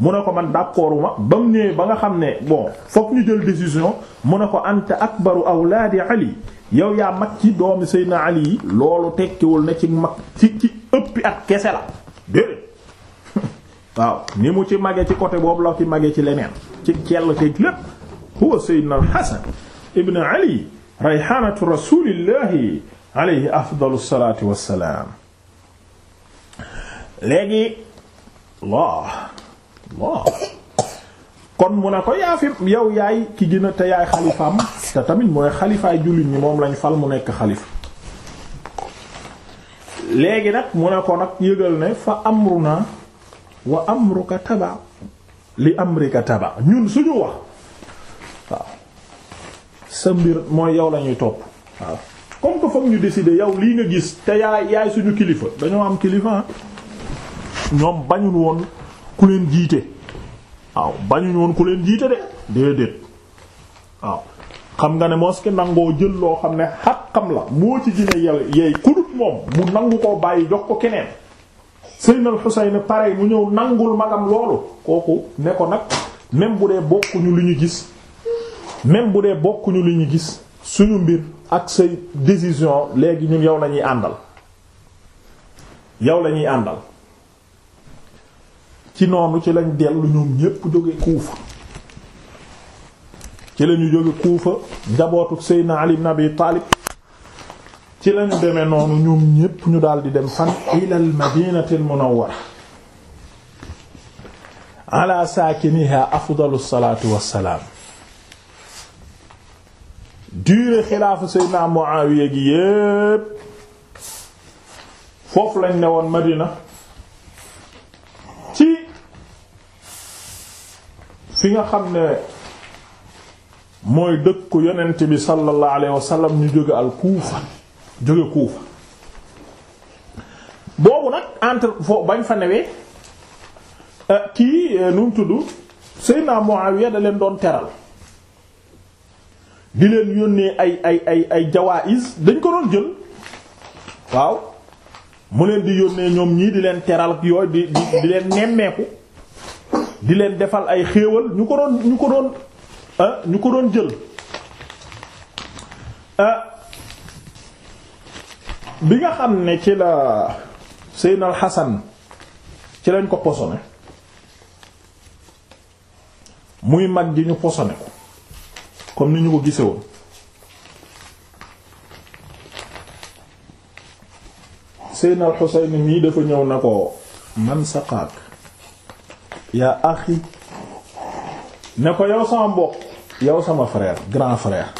mu ne ko man d'accorduma ba mu ñëwee ba nga xam ne bon fokk ñu jël décision mu ne ko anta akbaru awlaadi ali yow yaa mag ci doomi Seydina ali yi loolu tekkiwul na ci mag ci ci ëppi ak kese la déedéet waaw ni mu ci mage ci côté boobu la ci mage ci leneen ci kell teeg lépp huwa Seydina al-Hasan ibn ali rayhanatu rasulillahi alayhi afdalu salatu wassalaam léegi Allah waaw kon mu ne ko yaa fi yow yaay ki gën te yaay xalifaam te tamit mooy xalifaay jullit ñi moom lañ fal mu nekk xalifa léegi nag mu ne ko nag yëgal ne fa amruna wa amruka taba li amrika taba ñun suñu wax waaw sa mbir mooy yow lañuy topp waaw comme que foog ñu décider yow lii nga gis te yaay yaay suñu kilifa dañoo am kilifa ah. ñoom bañul woon ku leen jiite waaw bañuñ woon ku leen jiite de déedéet waaw xam nga ne moski nangoo jël loo xam ne xaqam la moo ci gine yel yeey kudut moom mu nangu ko bàyyi jox ko keneen Seydina Al-Husayn pare mu ñëw nangul magam loolu kooku ne ko nag même bu dee bokkuñu li ñu gis même bu dee bokkuñu li ñu gis suñu mbir ak say décision léegi ñun yow lañuy àndal yow lañuy àndal ci noonu ci lañ dellu ñoom ñépp jóge kuufa ci lañu jóge kuufa njabootu Seydina Ali ibn Abi Taalib ci lañu demee noonu ñoom ñépp ñu daldi dem fan ilal madinatil munawwara ala saakiniha afdalu salaatu wassalaam durée xilaafu Seydina Muawiya gi yépp foofu lañ ne woon Madina fi nga xam ne mooy dëkku yonent bi sallallahu alayhi wa ñu jóge al kuufa jóge kuufa boobu nag entre fo bañ fa newee euh, kii euh, nu mu tudd Seydina Muawiya da leen doon teral di leen yónnee ay ay ay ay dañ ko doon jël waaw mu leen di yónnee ñoom ñii di leen teral ak yooyu di di leen nemmeeku di leen defal ay xéewal ñu ko doon ñu ko doon ah, ñu ko doon jël ah, bi nga xam ne ci la Seydina al ci lañ ko posone muy mag ji ñu posone ko comme ni ñu ko gise woon Seydina al mii dafa ñëw na ko man saqaak yaa axi ne ko yow sama mbokk yow sama frère grand frère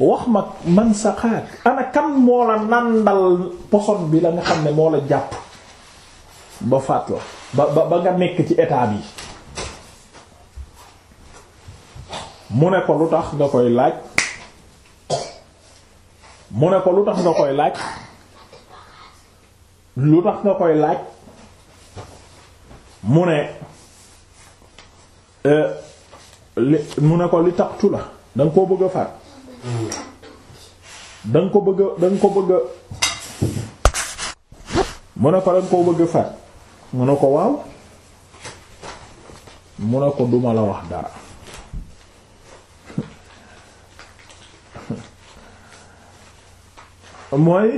wax ma man sa xaar ana kan moo la nàndal poson bi la nga xam ne moo la jàpp ba faat la ba ba nga nekk ci état bi mu ne ko lu tax nga koy laaj mu ne ko lu tax nga koy laaj lu tax nga koy laaj mu ne euh, li mu ne ko li taqtu la da koo bëgg a faat da ko bëgg a ko bëgg a mu ne ko da koo bëgg a faat mu ne ko waaw mu ne ko duma la wax dara mooy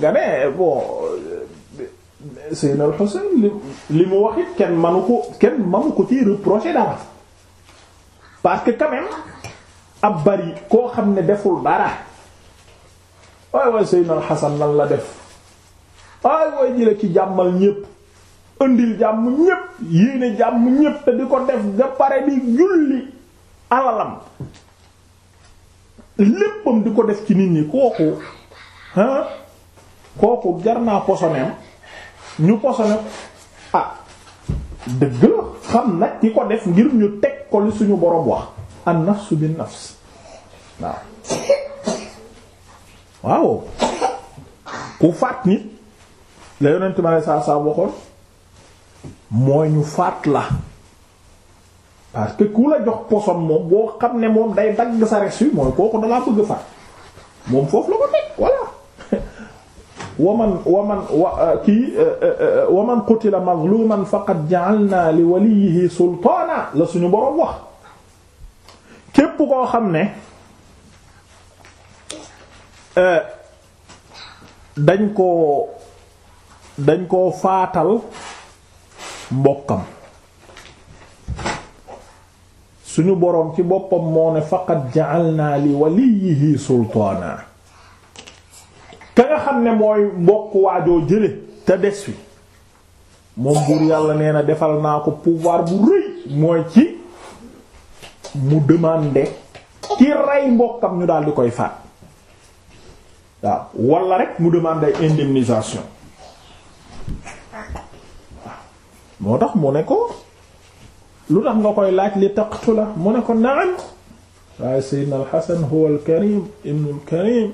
nga ne bon Seydina al Xuseyn li li mu wax kenn manu ko kenn manu ko ci reprocher dara parce que quand ab bari koo xam ne deful dara waay waay Seydina Xasan lan la def waay waay jële ci jàmmal ñépp ëndil jàmm ñépp yéene jàmm ñépp te di ko def da pare di julli alalam léppam di ko def ci nit ñi kooku ah kooku jar naa posoneem ñu posone ah dëgg la xam nag ki ko def ngir ñu teg ko li suñu borom wax an bi bin nafs waaw waaw ku faat nit la yonent ma ne saa saa waxoon mooy ñu faat la parce que ku la jox poson moom boo xam ne moom day dagg sa res wi mooy kooku dalaa bëgg faat moom foofu la ko teg waman waman wa uh, kii uh, uh, waman qutila mazluman faqad ja'alna li waliyihi sultaana la suñu boroom wax képp koo xam ne dañ koo dañ koo faatal mbokkam suñu boroom ci boppam moo ne faqad ja'alna li waliyihi sultaana ka xam ne mooy mbokk waajoo jële te des fi moom buur yàlla nee na defal naa ko pouvoir bu rëy mooy ci mu demander ci rey mbokkam ñu daal di koy faat waaw wala rek mu demander indemnisation moo tax mu ne ko lu tax nga koy laaj li taqtula mu ne ko na'am waaye sayyidna al-Hasan karim ibnu karim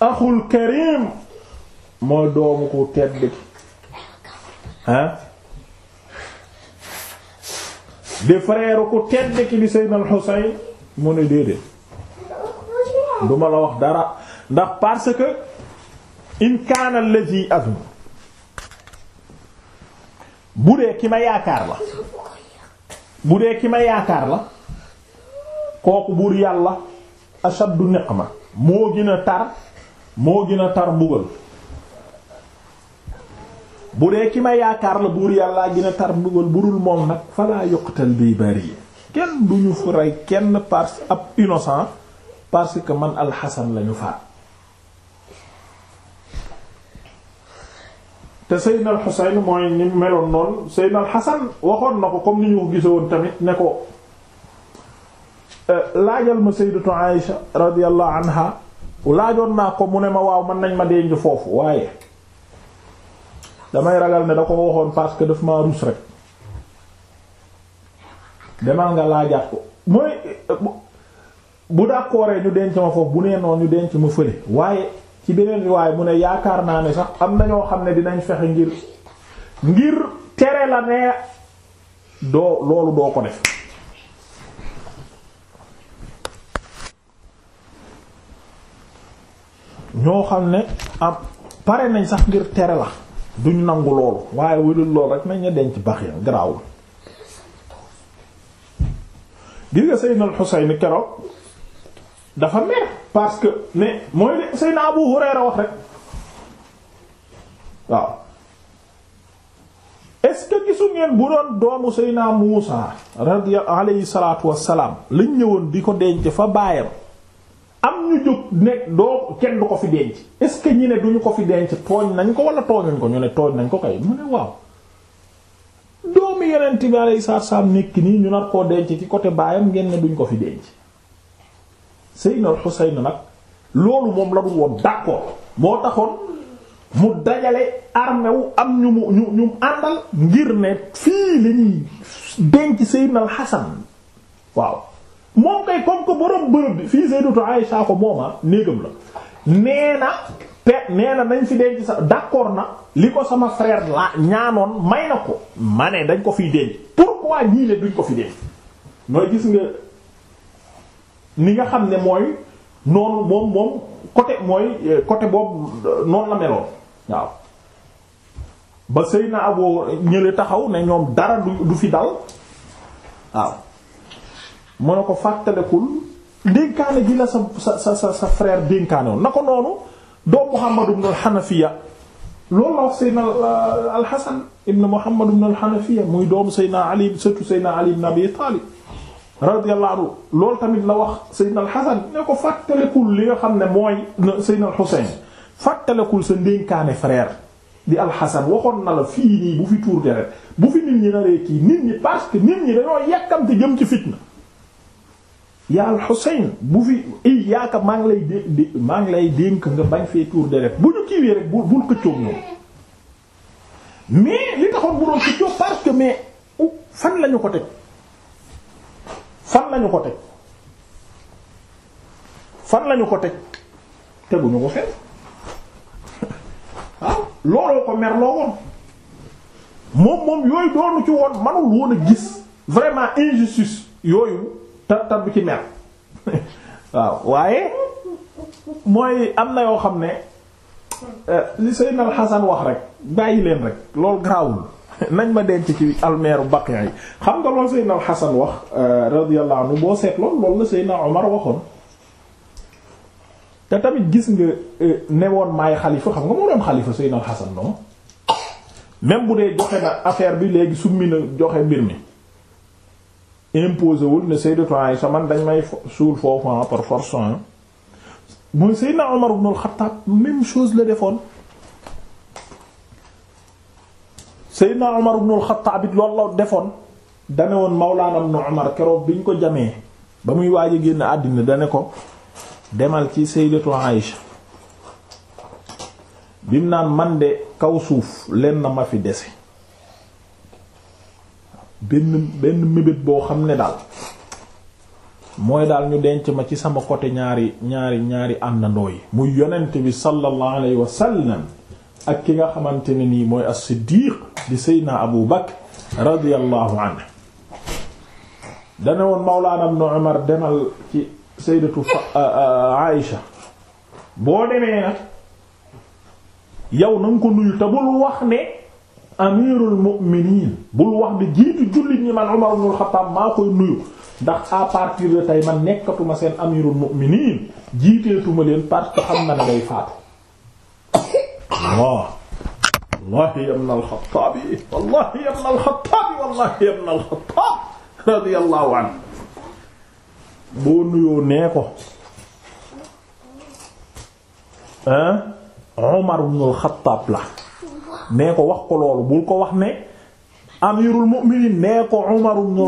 axul karim mooy doomu ku tedd ki ah di ku tedd ki di Seydina al-Husayn mu ne déedéet duma la wax dara ndax parce que in kaana allazi azm bu dee ki ma yaakaar la bu dee ki ma yaakaar la kooku buur yàlla ashaddu niqma moo gën a tar moo gina a tar mbugal bu dee ki ma yaakaar la buur yàlla gën a tar mbugal bu dul moom nag falaa yuqtal bi bari kenn du ñu fu kenn parce ab innocent parce que man alxasan lañu faat te Seydina Alxuseyn mooy ni meloon noonu Seydina Alxasan waxoon na ko comme ni ñu ko gisewoon tamit ne ko laajal ma Sayyidatu Aïsha radiyallahu anha laajoon naa ko mu ne ma waaw mën nañ ma denc foofu waaye damay ragal ne da ko waxoon parce que daf ma rus rek demal nga laajaat ko mooy bu dàkkooree ñu denc ma foofu bu nee noonu ñu denc ma fële waaye ci beneen riwaay mu ne yaakaar naa ne sax am na ñoo xam ne dinañ fexe ngir ngir tere la ne doo loolu doo ko def ñoo xam ne am pare nañ sax ngir tere la duñu nangu loolu waaye wëlul loolu rek nañ ne denc bax ya garaawul gis nga Seydina Al-Husayn que ne mooy Abu Hurayra wax rek waaw est-ce que gisu ngeen bu doon doomu Seydina Muusa radiyallahu alayhi salaatu wassalaam lañ ñëwoon di ko denc fa baayam am ñu jóg ne doo kenn du ko fi denc est-ce que ñi ne duñu ko fi denc tooñ nañ ko wala tooñuñ ko ñu ne tooñ nañ ko kay mu ne waaw doomi yonent bi alayhi salaam nekk nii ñu nar koo denc ci côté baayam ngeen ne duñ ko fi denc Seydina Xuseyn nag loolu moom la dul woon d'accord moo taxoon mu dajale armée wu am ñu mu ñu ñu àndal ngir ne fii lañuy denc Seydina Xasan waaw moom kay comme que borom bërëb bi fii Sayyidatu Aïsha ko mooma néegam la nee na pe nee na nañ fi denc sa d'accord na li ko sama frère la ñaanoon may na ko ma dañ ko fi denc pourquoi ñii ne duñ ko fi denc mooy gis nga ni nga xam ne mooy noonu moom moom côté mooy euh, côté boobu euh, noonu la meloon waaw ba sëy na aboo ñële taxaw ne ñoom dara du fi dal waaw moo ne ko fàttalekul dénkaane gi la sa sa sa sa frère dénkaane woon na ko noonu doom Muhammad ibn al-Hanafiya loolu la wax Seydina al-Hasan ibn Muhammad ibn al-Hanafiya muy doomu Seydina Ali surtout Seydina Ali ibn Abi Talib radiyallahu anhu loolu tamit la wax Seydina al-Hasan ne ko fàttalekul li nga xam ne mooy Seydina al-Husayn fàttalekul sa ndénkaane frère di al-Hasan waxoon na la fii nii bu fi tuur deret bu fi nit ñi naree kii nit ñi parce que nit ñi dañoo jëm ci fitna yaal Xuseyn bu fi iyaaka maa ngi lay dé maa ngi lay dénk nga bañ fee tuur deret bu ñu kiiwee rek bul bul këccoog ñoom mais li taxoon bu doon këccoog parce que mais fan lañu ko teg fan lañu ko teg fan lañu ko teg teguñu ko fen waaw ah, looloo ko mer loo woon moom moom yooyu doonu ci woon manul woon a gis vraiment injustice yooyu tar-tar bu ci mer waaw waaye mooy am na yoo xam ne eh, li Seydina Al Hasan wax rek bàyyi leen rek loolu garaawul nañ ma denc ci almeeru Baqiya yi xam nga loolu Seydina Al wax eh, radiyallahu anhu boo seet lool loolu la Seydina Omar waxoon te tamit gis nga eh, ne woon may xalifa xam nga moo doon xalifa Seydina Al noonu même bu dee joxe na affaire bi léegi summi na joxe mbir mi imposé wul ne Sayyidatu Aïsha man dañ may suul foofu ah par force ah mooy Sayyidna Umar ibn al-Khattab même chose la defoon Sayyidna Umar ibn al-Khattab it loolu la defoon dane woon Mawlaana ibn Umar keroog biñ ko jamee ba muy waaj a génn àddina dane ko demal ci Sayyidatu Aïsha bim naan man de kaw suuf leen na ma fi dese benn benn mébét boo xam ne daal mooy daal ñu denc ma ci sama côté ñaari ñaari ñaari àndandoo yi muy yonent bi sallallahu alayhi wa sallam ak ki nga xamante ni nii mooy as-siddiq di seydna abu bakr radiyallahu anhu dana woon mawlaana ibn umar demal ci sayyidatu aisha boo demee nag yow na ko nuyu te bul wax ne amirul mu'minin bul wax di jiitu jullit ñi man maa koy nuyu ndax à de tey man nekkatuma seen amirul mu'minin jiiteetuma leen parce que xam na ne day faatu waaw wallahi ya ibn al wallahi ya ibn al wallahi ya ibn al-Khattab radiyallahu boo nuyoo nee ko Umar ibn al-Khattab la nee ko wax ko loolu bul ko wax ne amirul mu'minin nee ko Umar ibn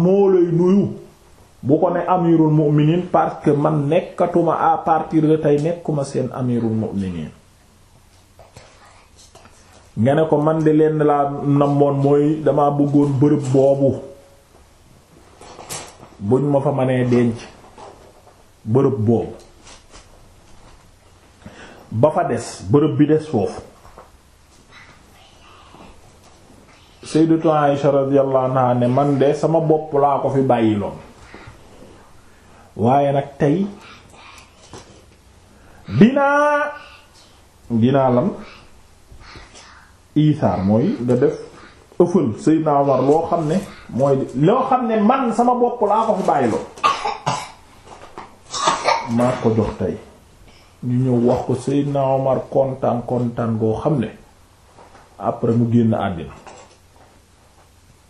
moo lay nuyu bu ko ne amirul mu'minin parce que man nekkatuma à partir tey nekkuma seen amirul mu'minin nga ne ko man de lenn laa namoon mooy dama bëggoon bërëb boobu buñ ma fa mënee denc bërëb boobu ba fa des bërëb bi des foofu sayyidatu Aisha radiyallahu anha ne man de sama bopp laa ko fi bàyyiloon waaye nag tey dinaa dinaa lam isaar mooy nga def ëffël sayyidna Umar loo xam ne mooy loo xam ne man sama bopp laa ko fi bàyyiloon maa ko jox tey ñu ñëw wax ko sayyidna Umar kontaan kontaan goo xam ne après mu génn àddina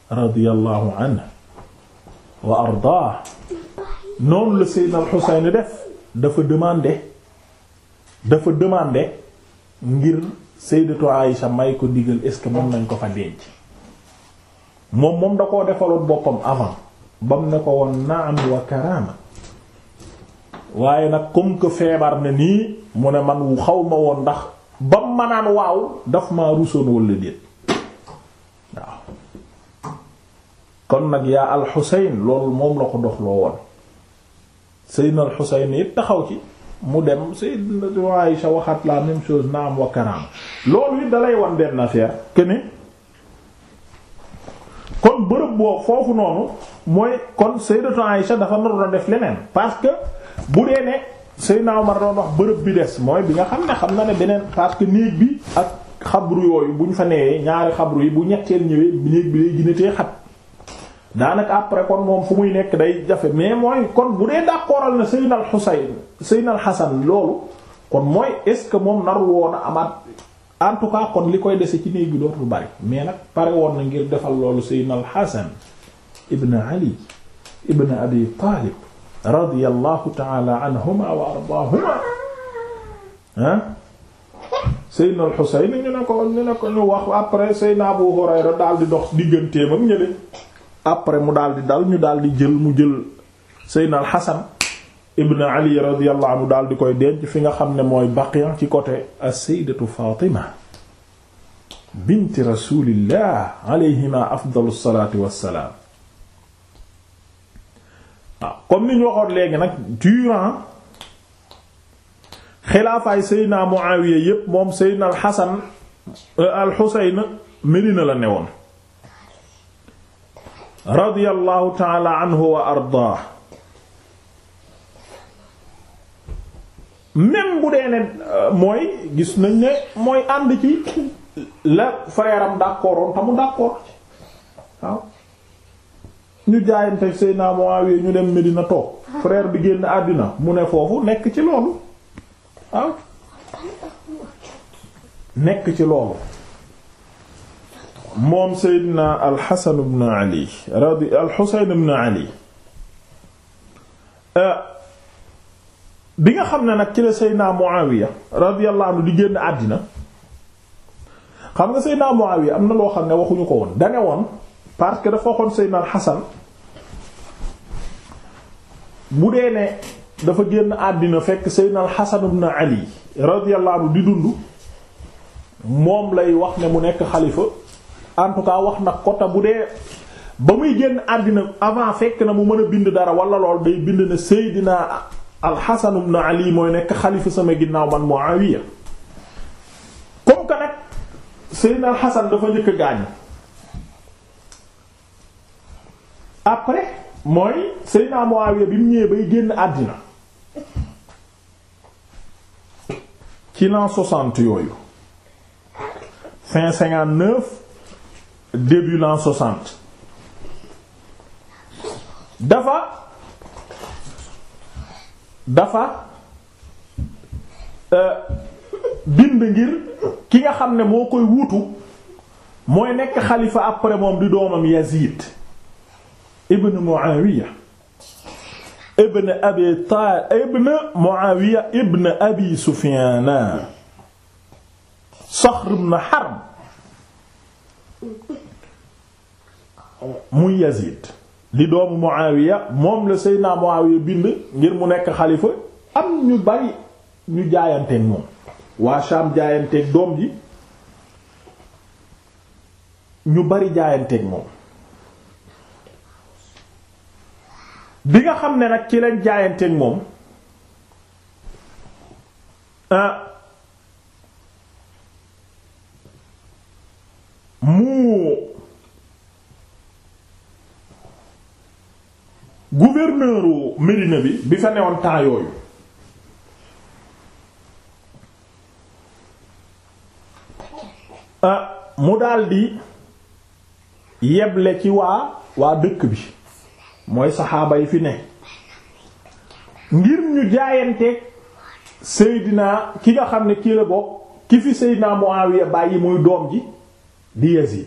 radiyallahu anhu wa ardaa noonu la Seydina al Xuseyn def dafa demandé dafa demandé ngir Sayyidatu Aïsha may ko digal est-ce moom nañ ko fa denc moom moom da koo defaloon boppam avant bam ne ko woon naam wa karaama waaye nag comme que feebar na nii mu ne man xaw ma woon ndax bam ma naan waaw daf maa rusoon walla déet kon nag yaa alxuseyn loolu moom la ko doxloo woon seydna alxuseyn it taxaw ci mu dem seydna Aïsha waxaat la même chose naam wa karaam loolu it dalay wan benn affaire que ne kon bërëb boo foofu noonu mooy kon seydatu Aïsha dafa naroon a def leneen parce que bu dee ne seydna ma doon wax bërëb bi des mooy bi nga xam ne xam na ne beneen parce que néeg bi ak xabru yooyu bu ñu fa nee ñaari xabru yi bu ñetteel ñëwee néeg bi lay gën xat daanaka après kon moom fu muy nekk day jafe mais mooy kon bu dee d'accordal na Seydina Al-Husayn Seydina Al-Hasan loolu kon mooy est-ce que moom nar woon a amaat en kon li koy dese ci néeg bi dootul bari mais nag pare woon na ngir defal loolu Seydina Al-Hasan ibn Ali ibn Abi Talib radiyallahu ta'ala anhuma wa ardaahuma ah Seydina Al-Husayn ne ko ñu ne ko ñu wax après Seydina Abu Hurayra daal di dox digganteem ak ñële après mu daal di dal ñu daal di jël mu jël Seydina al Hasan ibn Ali radiyallahu anhu daal di koy denc fi nga xam ne mooy Baqiya ci côté as-Sayyidatu Fatima binti rasulillah alayhima afdalu salaatu wassalaam waaw comme ñu waxoon léegi nag durant xilaafaay mu Muawiya yépp moom Seydina al Hasan euh, al Husayn Medina la ne woon radiyallahu taala anhu wa ardaa même bu dee ne euh, mooy gis nañ ne mooy ànd ci la frère am d'accord woon tamu waaw ñu jaayante Seydina Muawiya ñu dem Medina toog frère bi génn àddina mu ne foofu nekk ci loolu waaw nekk ci loolu moom Seydina Alxasan ibn Ali radi Alxuseyn ibn Ali euh, bi nga xam ne nag ci la Seydina Muawiya radiyallahu anhu di génn àddina xam nga Seydina Muawiya am na loo xam ne waxuñu ko woon dane woon parce que dafa waxoon Seydina Alxasan bu dee ne dafa génn àddina fekk Seydina Alxasan ibn Ali radiyallahu anhu di dund moom lay wax ne mu nekk xalifa en tout cas wax na kota bu dee ba muy génn àddina avant fekk na mu mën a bind dara wala lool day bind na Seydina Al-Hasan ibn Ali mooy nekk xalifa sama ginnaaw man Muawiya comme que nag Seydina Al-Hasan dafa njëkk gaañu après mooy Seydina Muawiya bi mu ñëwee bay génn àddina ci l'an soixante yooyu début l'an 60 dafa dafa euh, bind ngir ki nga xam ne moo koy wuutu mooy nekk xalifa après moom di doomam Yazid ibn Muawiya ibn abi ta ibn Muawiya ibn abi Sufyan Saxr ibn Harb muy Yazid di doomu Muawiya moom la Seydina Muawiya bind ngir mu nekk xalifa am ñu bari ñu jaayanteeg moom waa Sham jaayanteeg doom ji ñu bari jaayanteeg moom bi nga xam ne nag ci lañ jaayanteeg moom ah, mu gouverneuru Médina bi bi fa newoon temps yooyu ah, mu daldi yeble ci waa waa dëkk bi mooy saxaaba yi fi ne ngir ñu jaayanteeg Seydina ki nga xam ne kii la bokk ki fi Seydina Muawiya bàyyi muy doom ji di Yazid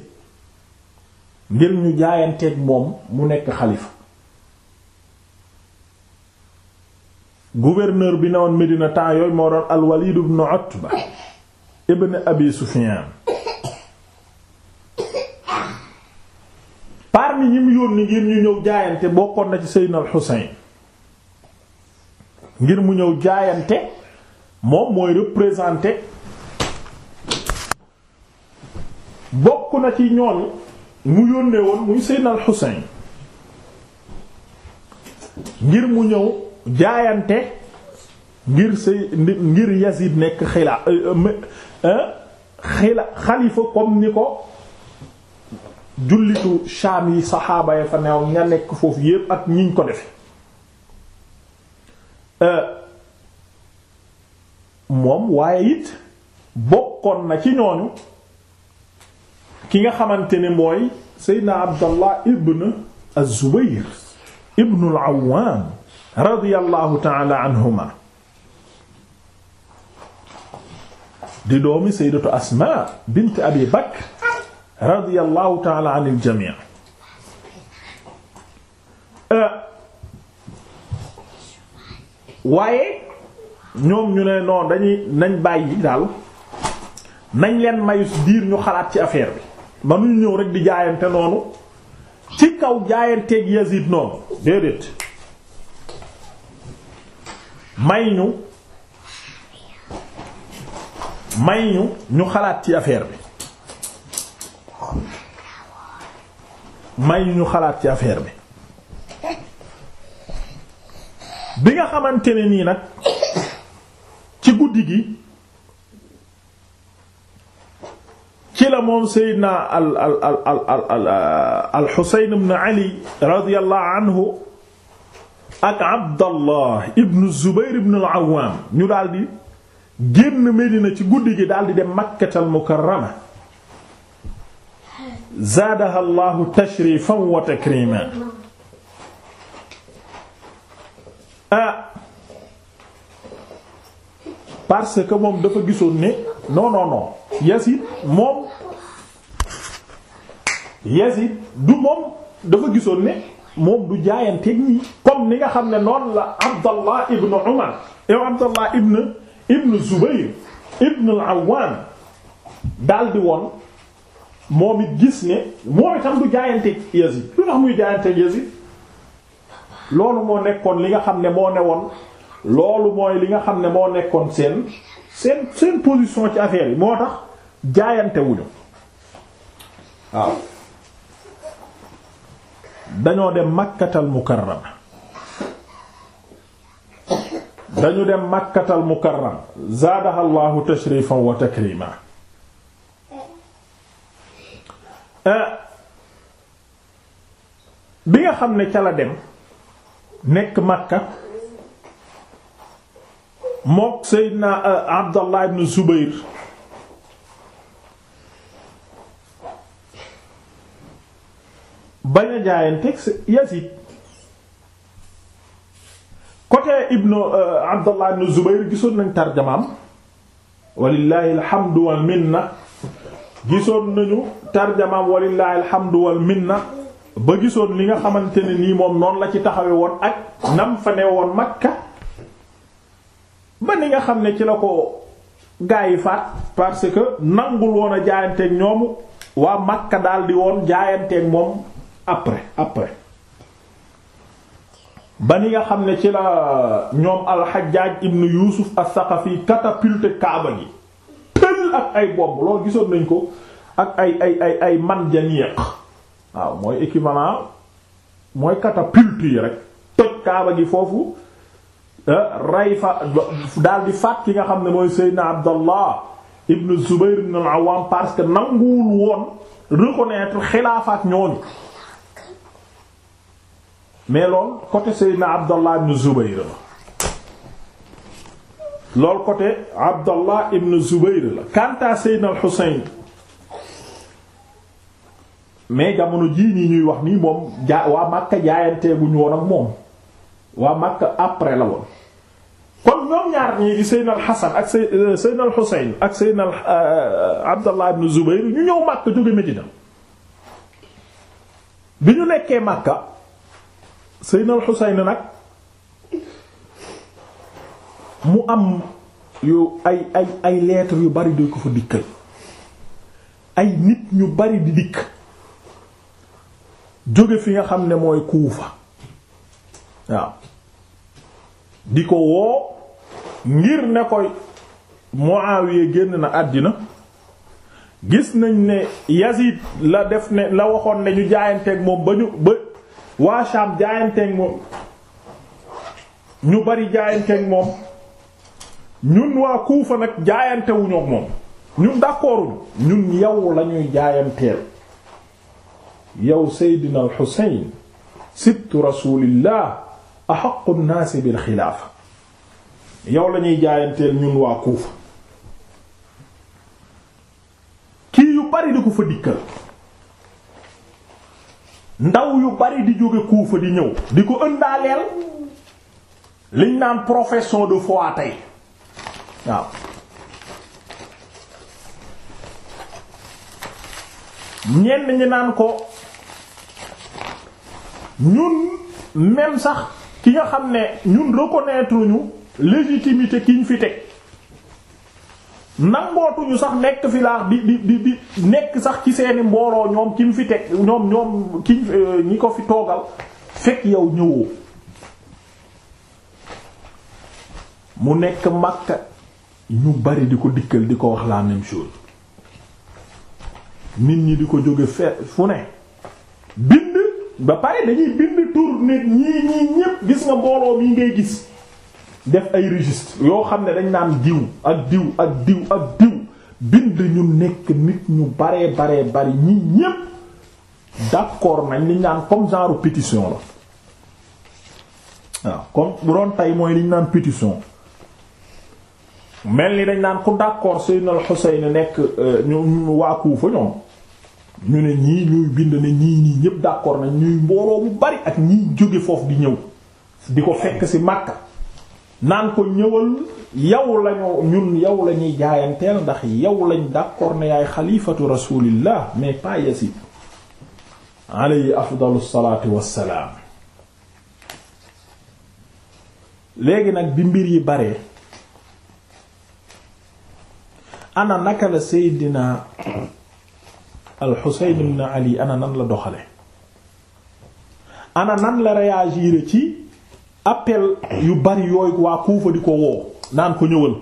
ngir ñu jaayanteeg moom mu nekk xalifa gouverneur bi newoon Medina temps yooyu moo doon al-Walid ibn ibn Abi Sufyan parmi ñi mu yónni ngir ñu ñëw jaayante bokkoon na ci Seydina al-Husayn ngir mu ñëw jaayante moom mooy représenter bokk na ci ñooñu mu yónnee woon muy Seydina al ngir mu ñëw jaayante ngir say ngir Yazid nekk xila euh, euh, euh, xila xalifa comme ni ko jullitu Shaam yi saxaaba ya fa neew nga nekk foofu yépp ak ñiñ ko defe moom waaye it bokkoon na ci ñooñu ki nga xamante ne mooy Seydina Abdallah ibn az-Zubayr ibn al-Awwam radiyallahu ta'ala anhuma di doomi Sayyidatu Asma bint Abi Bakr radiyallahu ta'ala anil jami' waaye ñoom ñu ne non dañuy nañ bàyyi daal nañ leen mayu diir ñu xalaat ci affaire bi mu ñëw rekk di jaayante noonu ci kaw jaayanteeg Yazid noonu déedéet may ñu may ñu ñu xalaat ci affaire bi may ñu xalaat ci affaire bi bi nga xamante ne nii nag ci guddi gi ci la moom Seydina al al al al al Xuseyn euh, ibn Ali radiyallahu anhu ak Abdallah ibn Zubayr ibn al-Awwam ñu daal di génn Medina ci guddi gi daal di dem Makkatal Mukarrama zaadaha Allahu tashrifan wa takriman ah parce que moom dafa gisoon ne non non non Yazid moom Yazid du moom dafa gisoon ne moom du jaayanteeg ñi comme ni nga xam ne noonu la Abdallah ibn Umar et Abdallah ibn Zubayr ibn al-Awwam woon moom it gis ne moom itam du jaayanteeg Yazid lu tax muy jaayanteeg Yazid loolu moo nekkoon li nga xam ne moo ne woon loolu mooy li nga xam ne moo nekkoon seen seen seen position ci affaire yi moo tax jaayante wuñu waaw dañoo dem makkatal mukarrama dañu dem makkatal mukarram zaadaha allahu tashrifan wa takrima eh, bi nga xam ne ca la dem nekk makka mook Seydina euh, Abdallah ibn Zubayr bañ a jaayanteeg Yazid côté ibnu euh, Abdallah ibn Zubayr gisoon nañ tarjamaam walillahi alhamdu wal gisoon nañu tarjamaam walillahi alhamdu wal ba gisoon li nga xamante ne nii moom noonu la ci taxawe woon ak nam fa ne woon Makka ba ni nga xam ne ci la ko gaa yi faat parce que nangul woon a jaayanteeg ñoom waa Makka daal di woon jaayanteeg moom après après ba ni nga xam ne ci la ñoom al-Hajjaj ibn Yusuf as-Saqafi catapulté Kaaba gi tël ak ay bomb loolu gisoon nañ ko ak ay ay ay man janiq waaw mooy équivalent mooy catapulte yi rek toj Kaaba gi foofu rey fa daal di faat ki nga xam ne mooy Seydina Abdallah ibn Zubayr ibn al parce que nanguwul woon reconnaître xilaafaat ñooñu mais loolu côté Seydina Abdallah ibn Abdallah ibn Zubayr la kanta Seydina al-Husayn mais jamono jii nii ñuy wax nii moom jaa waa Makka jaayanteeguñu woon ak moom waa Makka après la woon kon ñoom ñaar ñii di Seydina euh, ak Seydina al ak euh, Seydina Abdallah ibn Zubayr ñu ñëw Makka jóge Medina bi ñu nekkee Makka Seydina al nag mu am yu ay ay ay lettres yu bari di ko fa dikkal ay nit ñu bari di dikk jóge fi nga xam ne mooy Kuufa waaw di ko woo ngir ne koy Muawiya génn na àddina gis nañ ne Yazid la def ne la waxoon ne ñu jaayanteeg moom ba ñu ba waa Sham jaayanteeg moom ñu bari jaayanteeg moom ñun waa Kuufa nag jaayantewuñoo moom ñun d'accorduñ ñun yow lañuy jaayanteel yow Seydina al sibtu rasulillah axaqu nnaasi bil xilaafa yow la jaayanteel ñun waa Kuufa kii yu bari di ko fa dikkal ndaw yu bari di jóge Kuufa di ñëw di ko ëndaaleel liñ naan profession de foi tey waaw ñenn ñi naan ko ñun même sax ki nga xam ne ñun reconnaître ñu légitimité ki ñu fi teg nangootuñu sax nekk fi laax di di di di nekk sax ci seeni mbooloo ñoom ki mu fi teg ñoom ñoom ki euh, ñi ko fi toogal fekk yow ñëwoo mu nekk Makka ñu bari di ko dikkal di ko wax la même chose nit ñi di ko jóge fe fu ne ba pare dañuy bind tur nit ñii ñii ñépp gis nga mbooloo mii ngay gis def ay registre yoo xam ne dañ naan diw ak diw ak diw ak diw bind ñu nekk nit ñu baree bare bari ñii ñépp d'accord nañ liñ naan comme genre pétition la waaw comme bu doon tey mooy liñ naan pétition mel ni dañ naan ku d'accord Seydina al Husayn nekk euh, ñu waa Kufa ñoom ñu ne ñii ñuy bind ne ñii ñépp d'accord nañ ñuy mbooloo bu bari ak ñiy jóge foofu di ñëw di ko fekk ci Makka naan ko ñëwal yow lañu ñun yow lañuy jaayanteel ndax yow lañ d'accord na yaay xalifatu rasulillah mais pas si alayhi afdalu salaatu wassalaam léegi nag bi mbir yi bare ana naka la Seydina al-Husayn ibn Ali ana nan la doxale ana la réagir ci appel yu bari yooyu waa Kuufa di ko woo naan ko ñëwal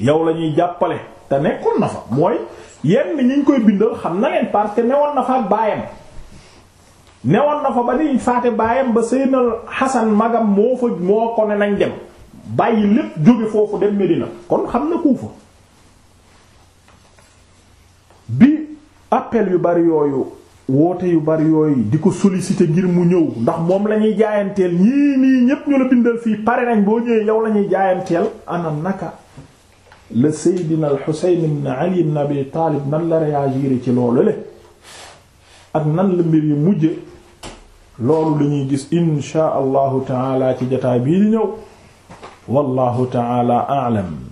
yow lañuy ñuy jàppale te nekkoon na fa mooy yenn ñi ñu koy bindal xam na leen parce que newoon na fa ak baayam newoon na fa ba ni faate baayam ba Seydina xasan magam moo fa moo ko ne nañ dem bàyyi lépp jóge foofu dem Medina kon xam na Kuufa bi appel yu bari yooyu woote yu bari yooyu di ko solliciter ngir mu ñëw ndax moom lañuy ñuy jaayanteel ñii nii ñépp ñu la bindal fii pare nañ boo ñëwee ñëw la ñuy jaayanteel anam naka la Seydina al Xuseyn ibn Ali ibn Abi Taalib nan la réagir ci loolu le ak nan la mbir yu mujje loolu la ñuy gis inshaa allahu taala ci jataay bii di ñëw wallahu taala a'lam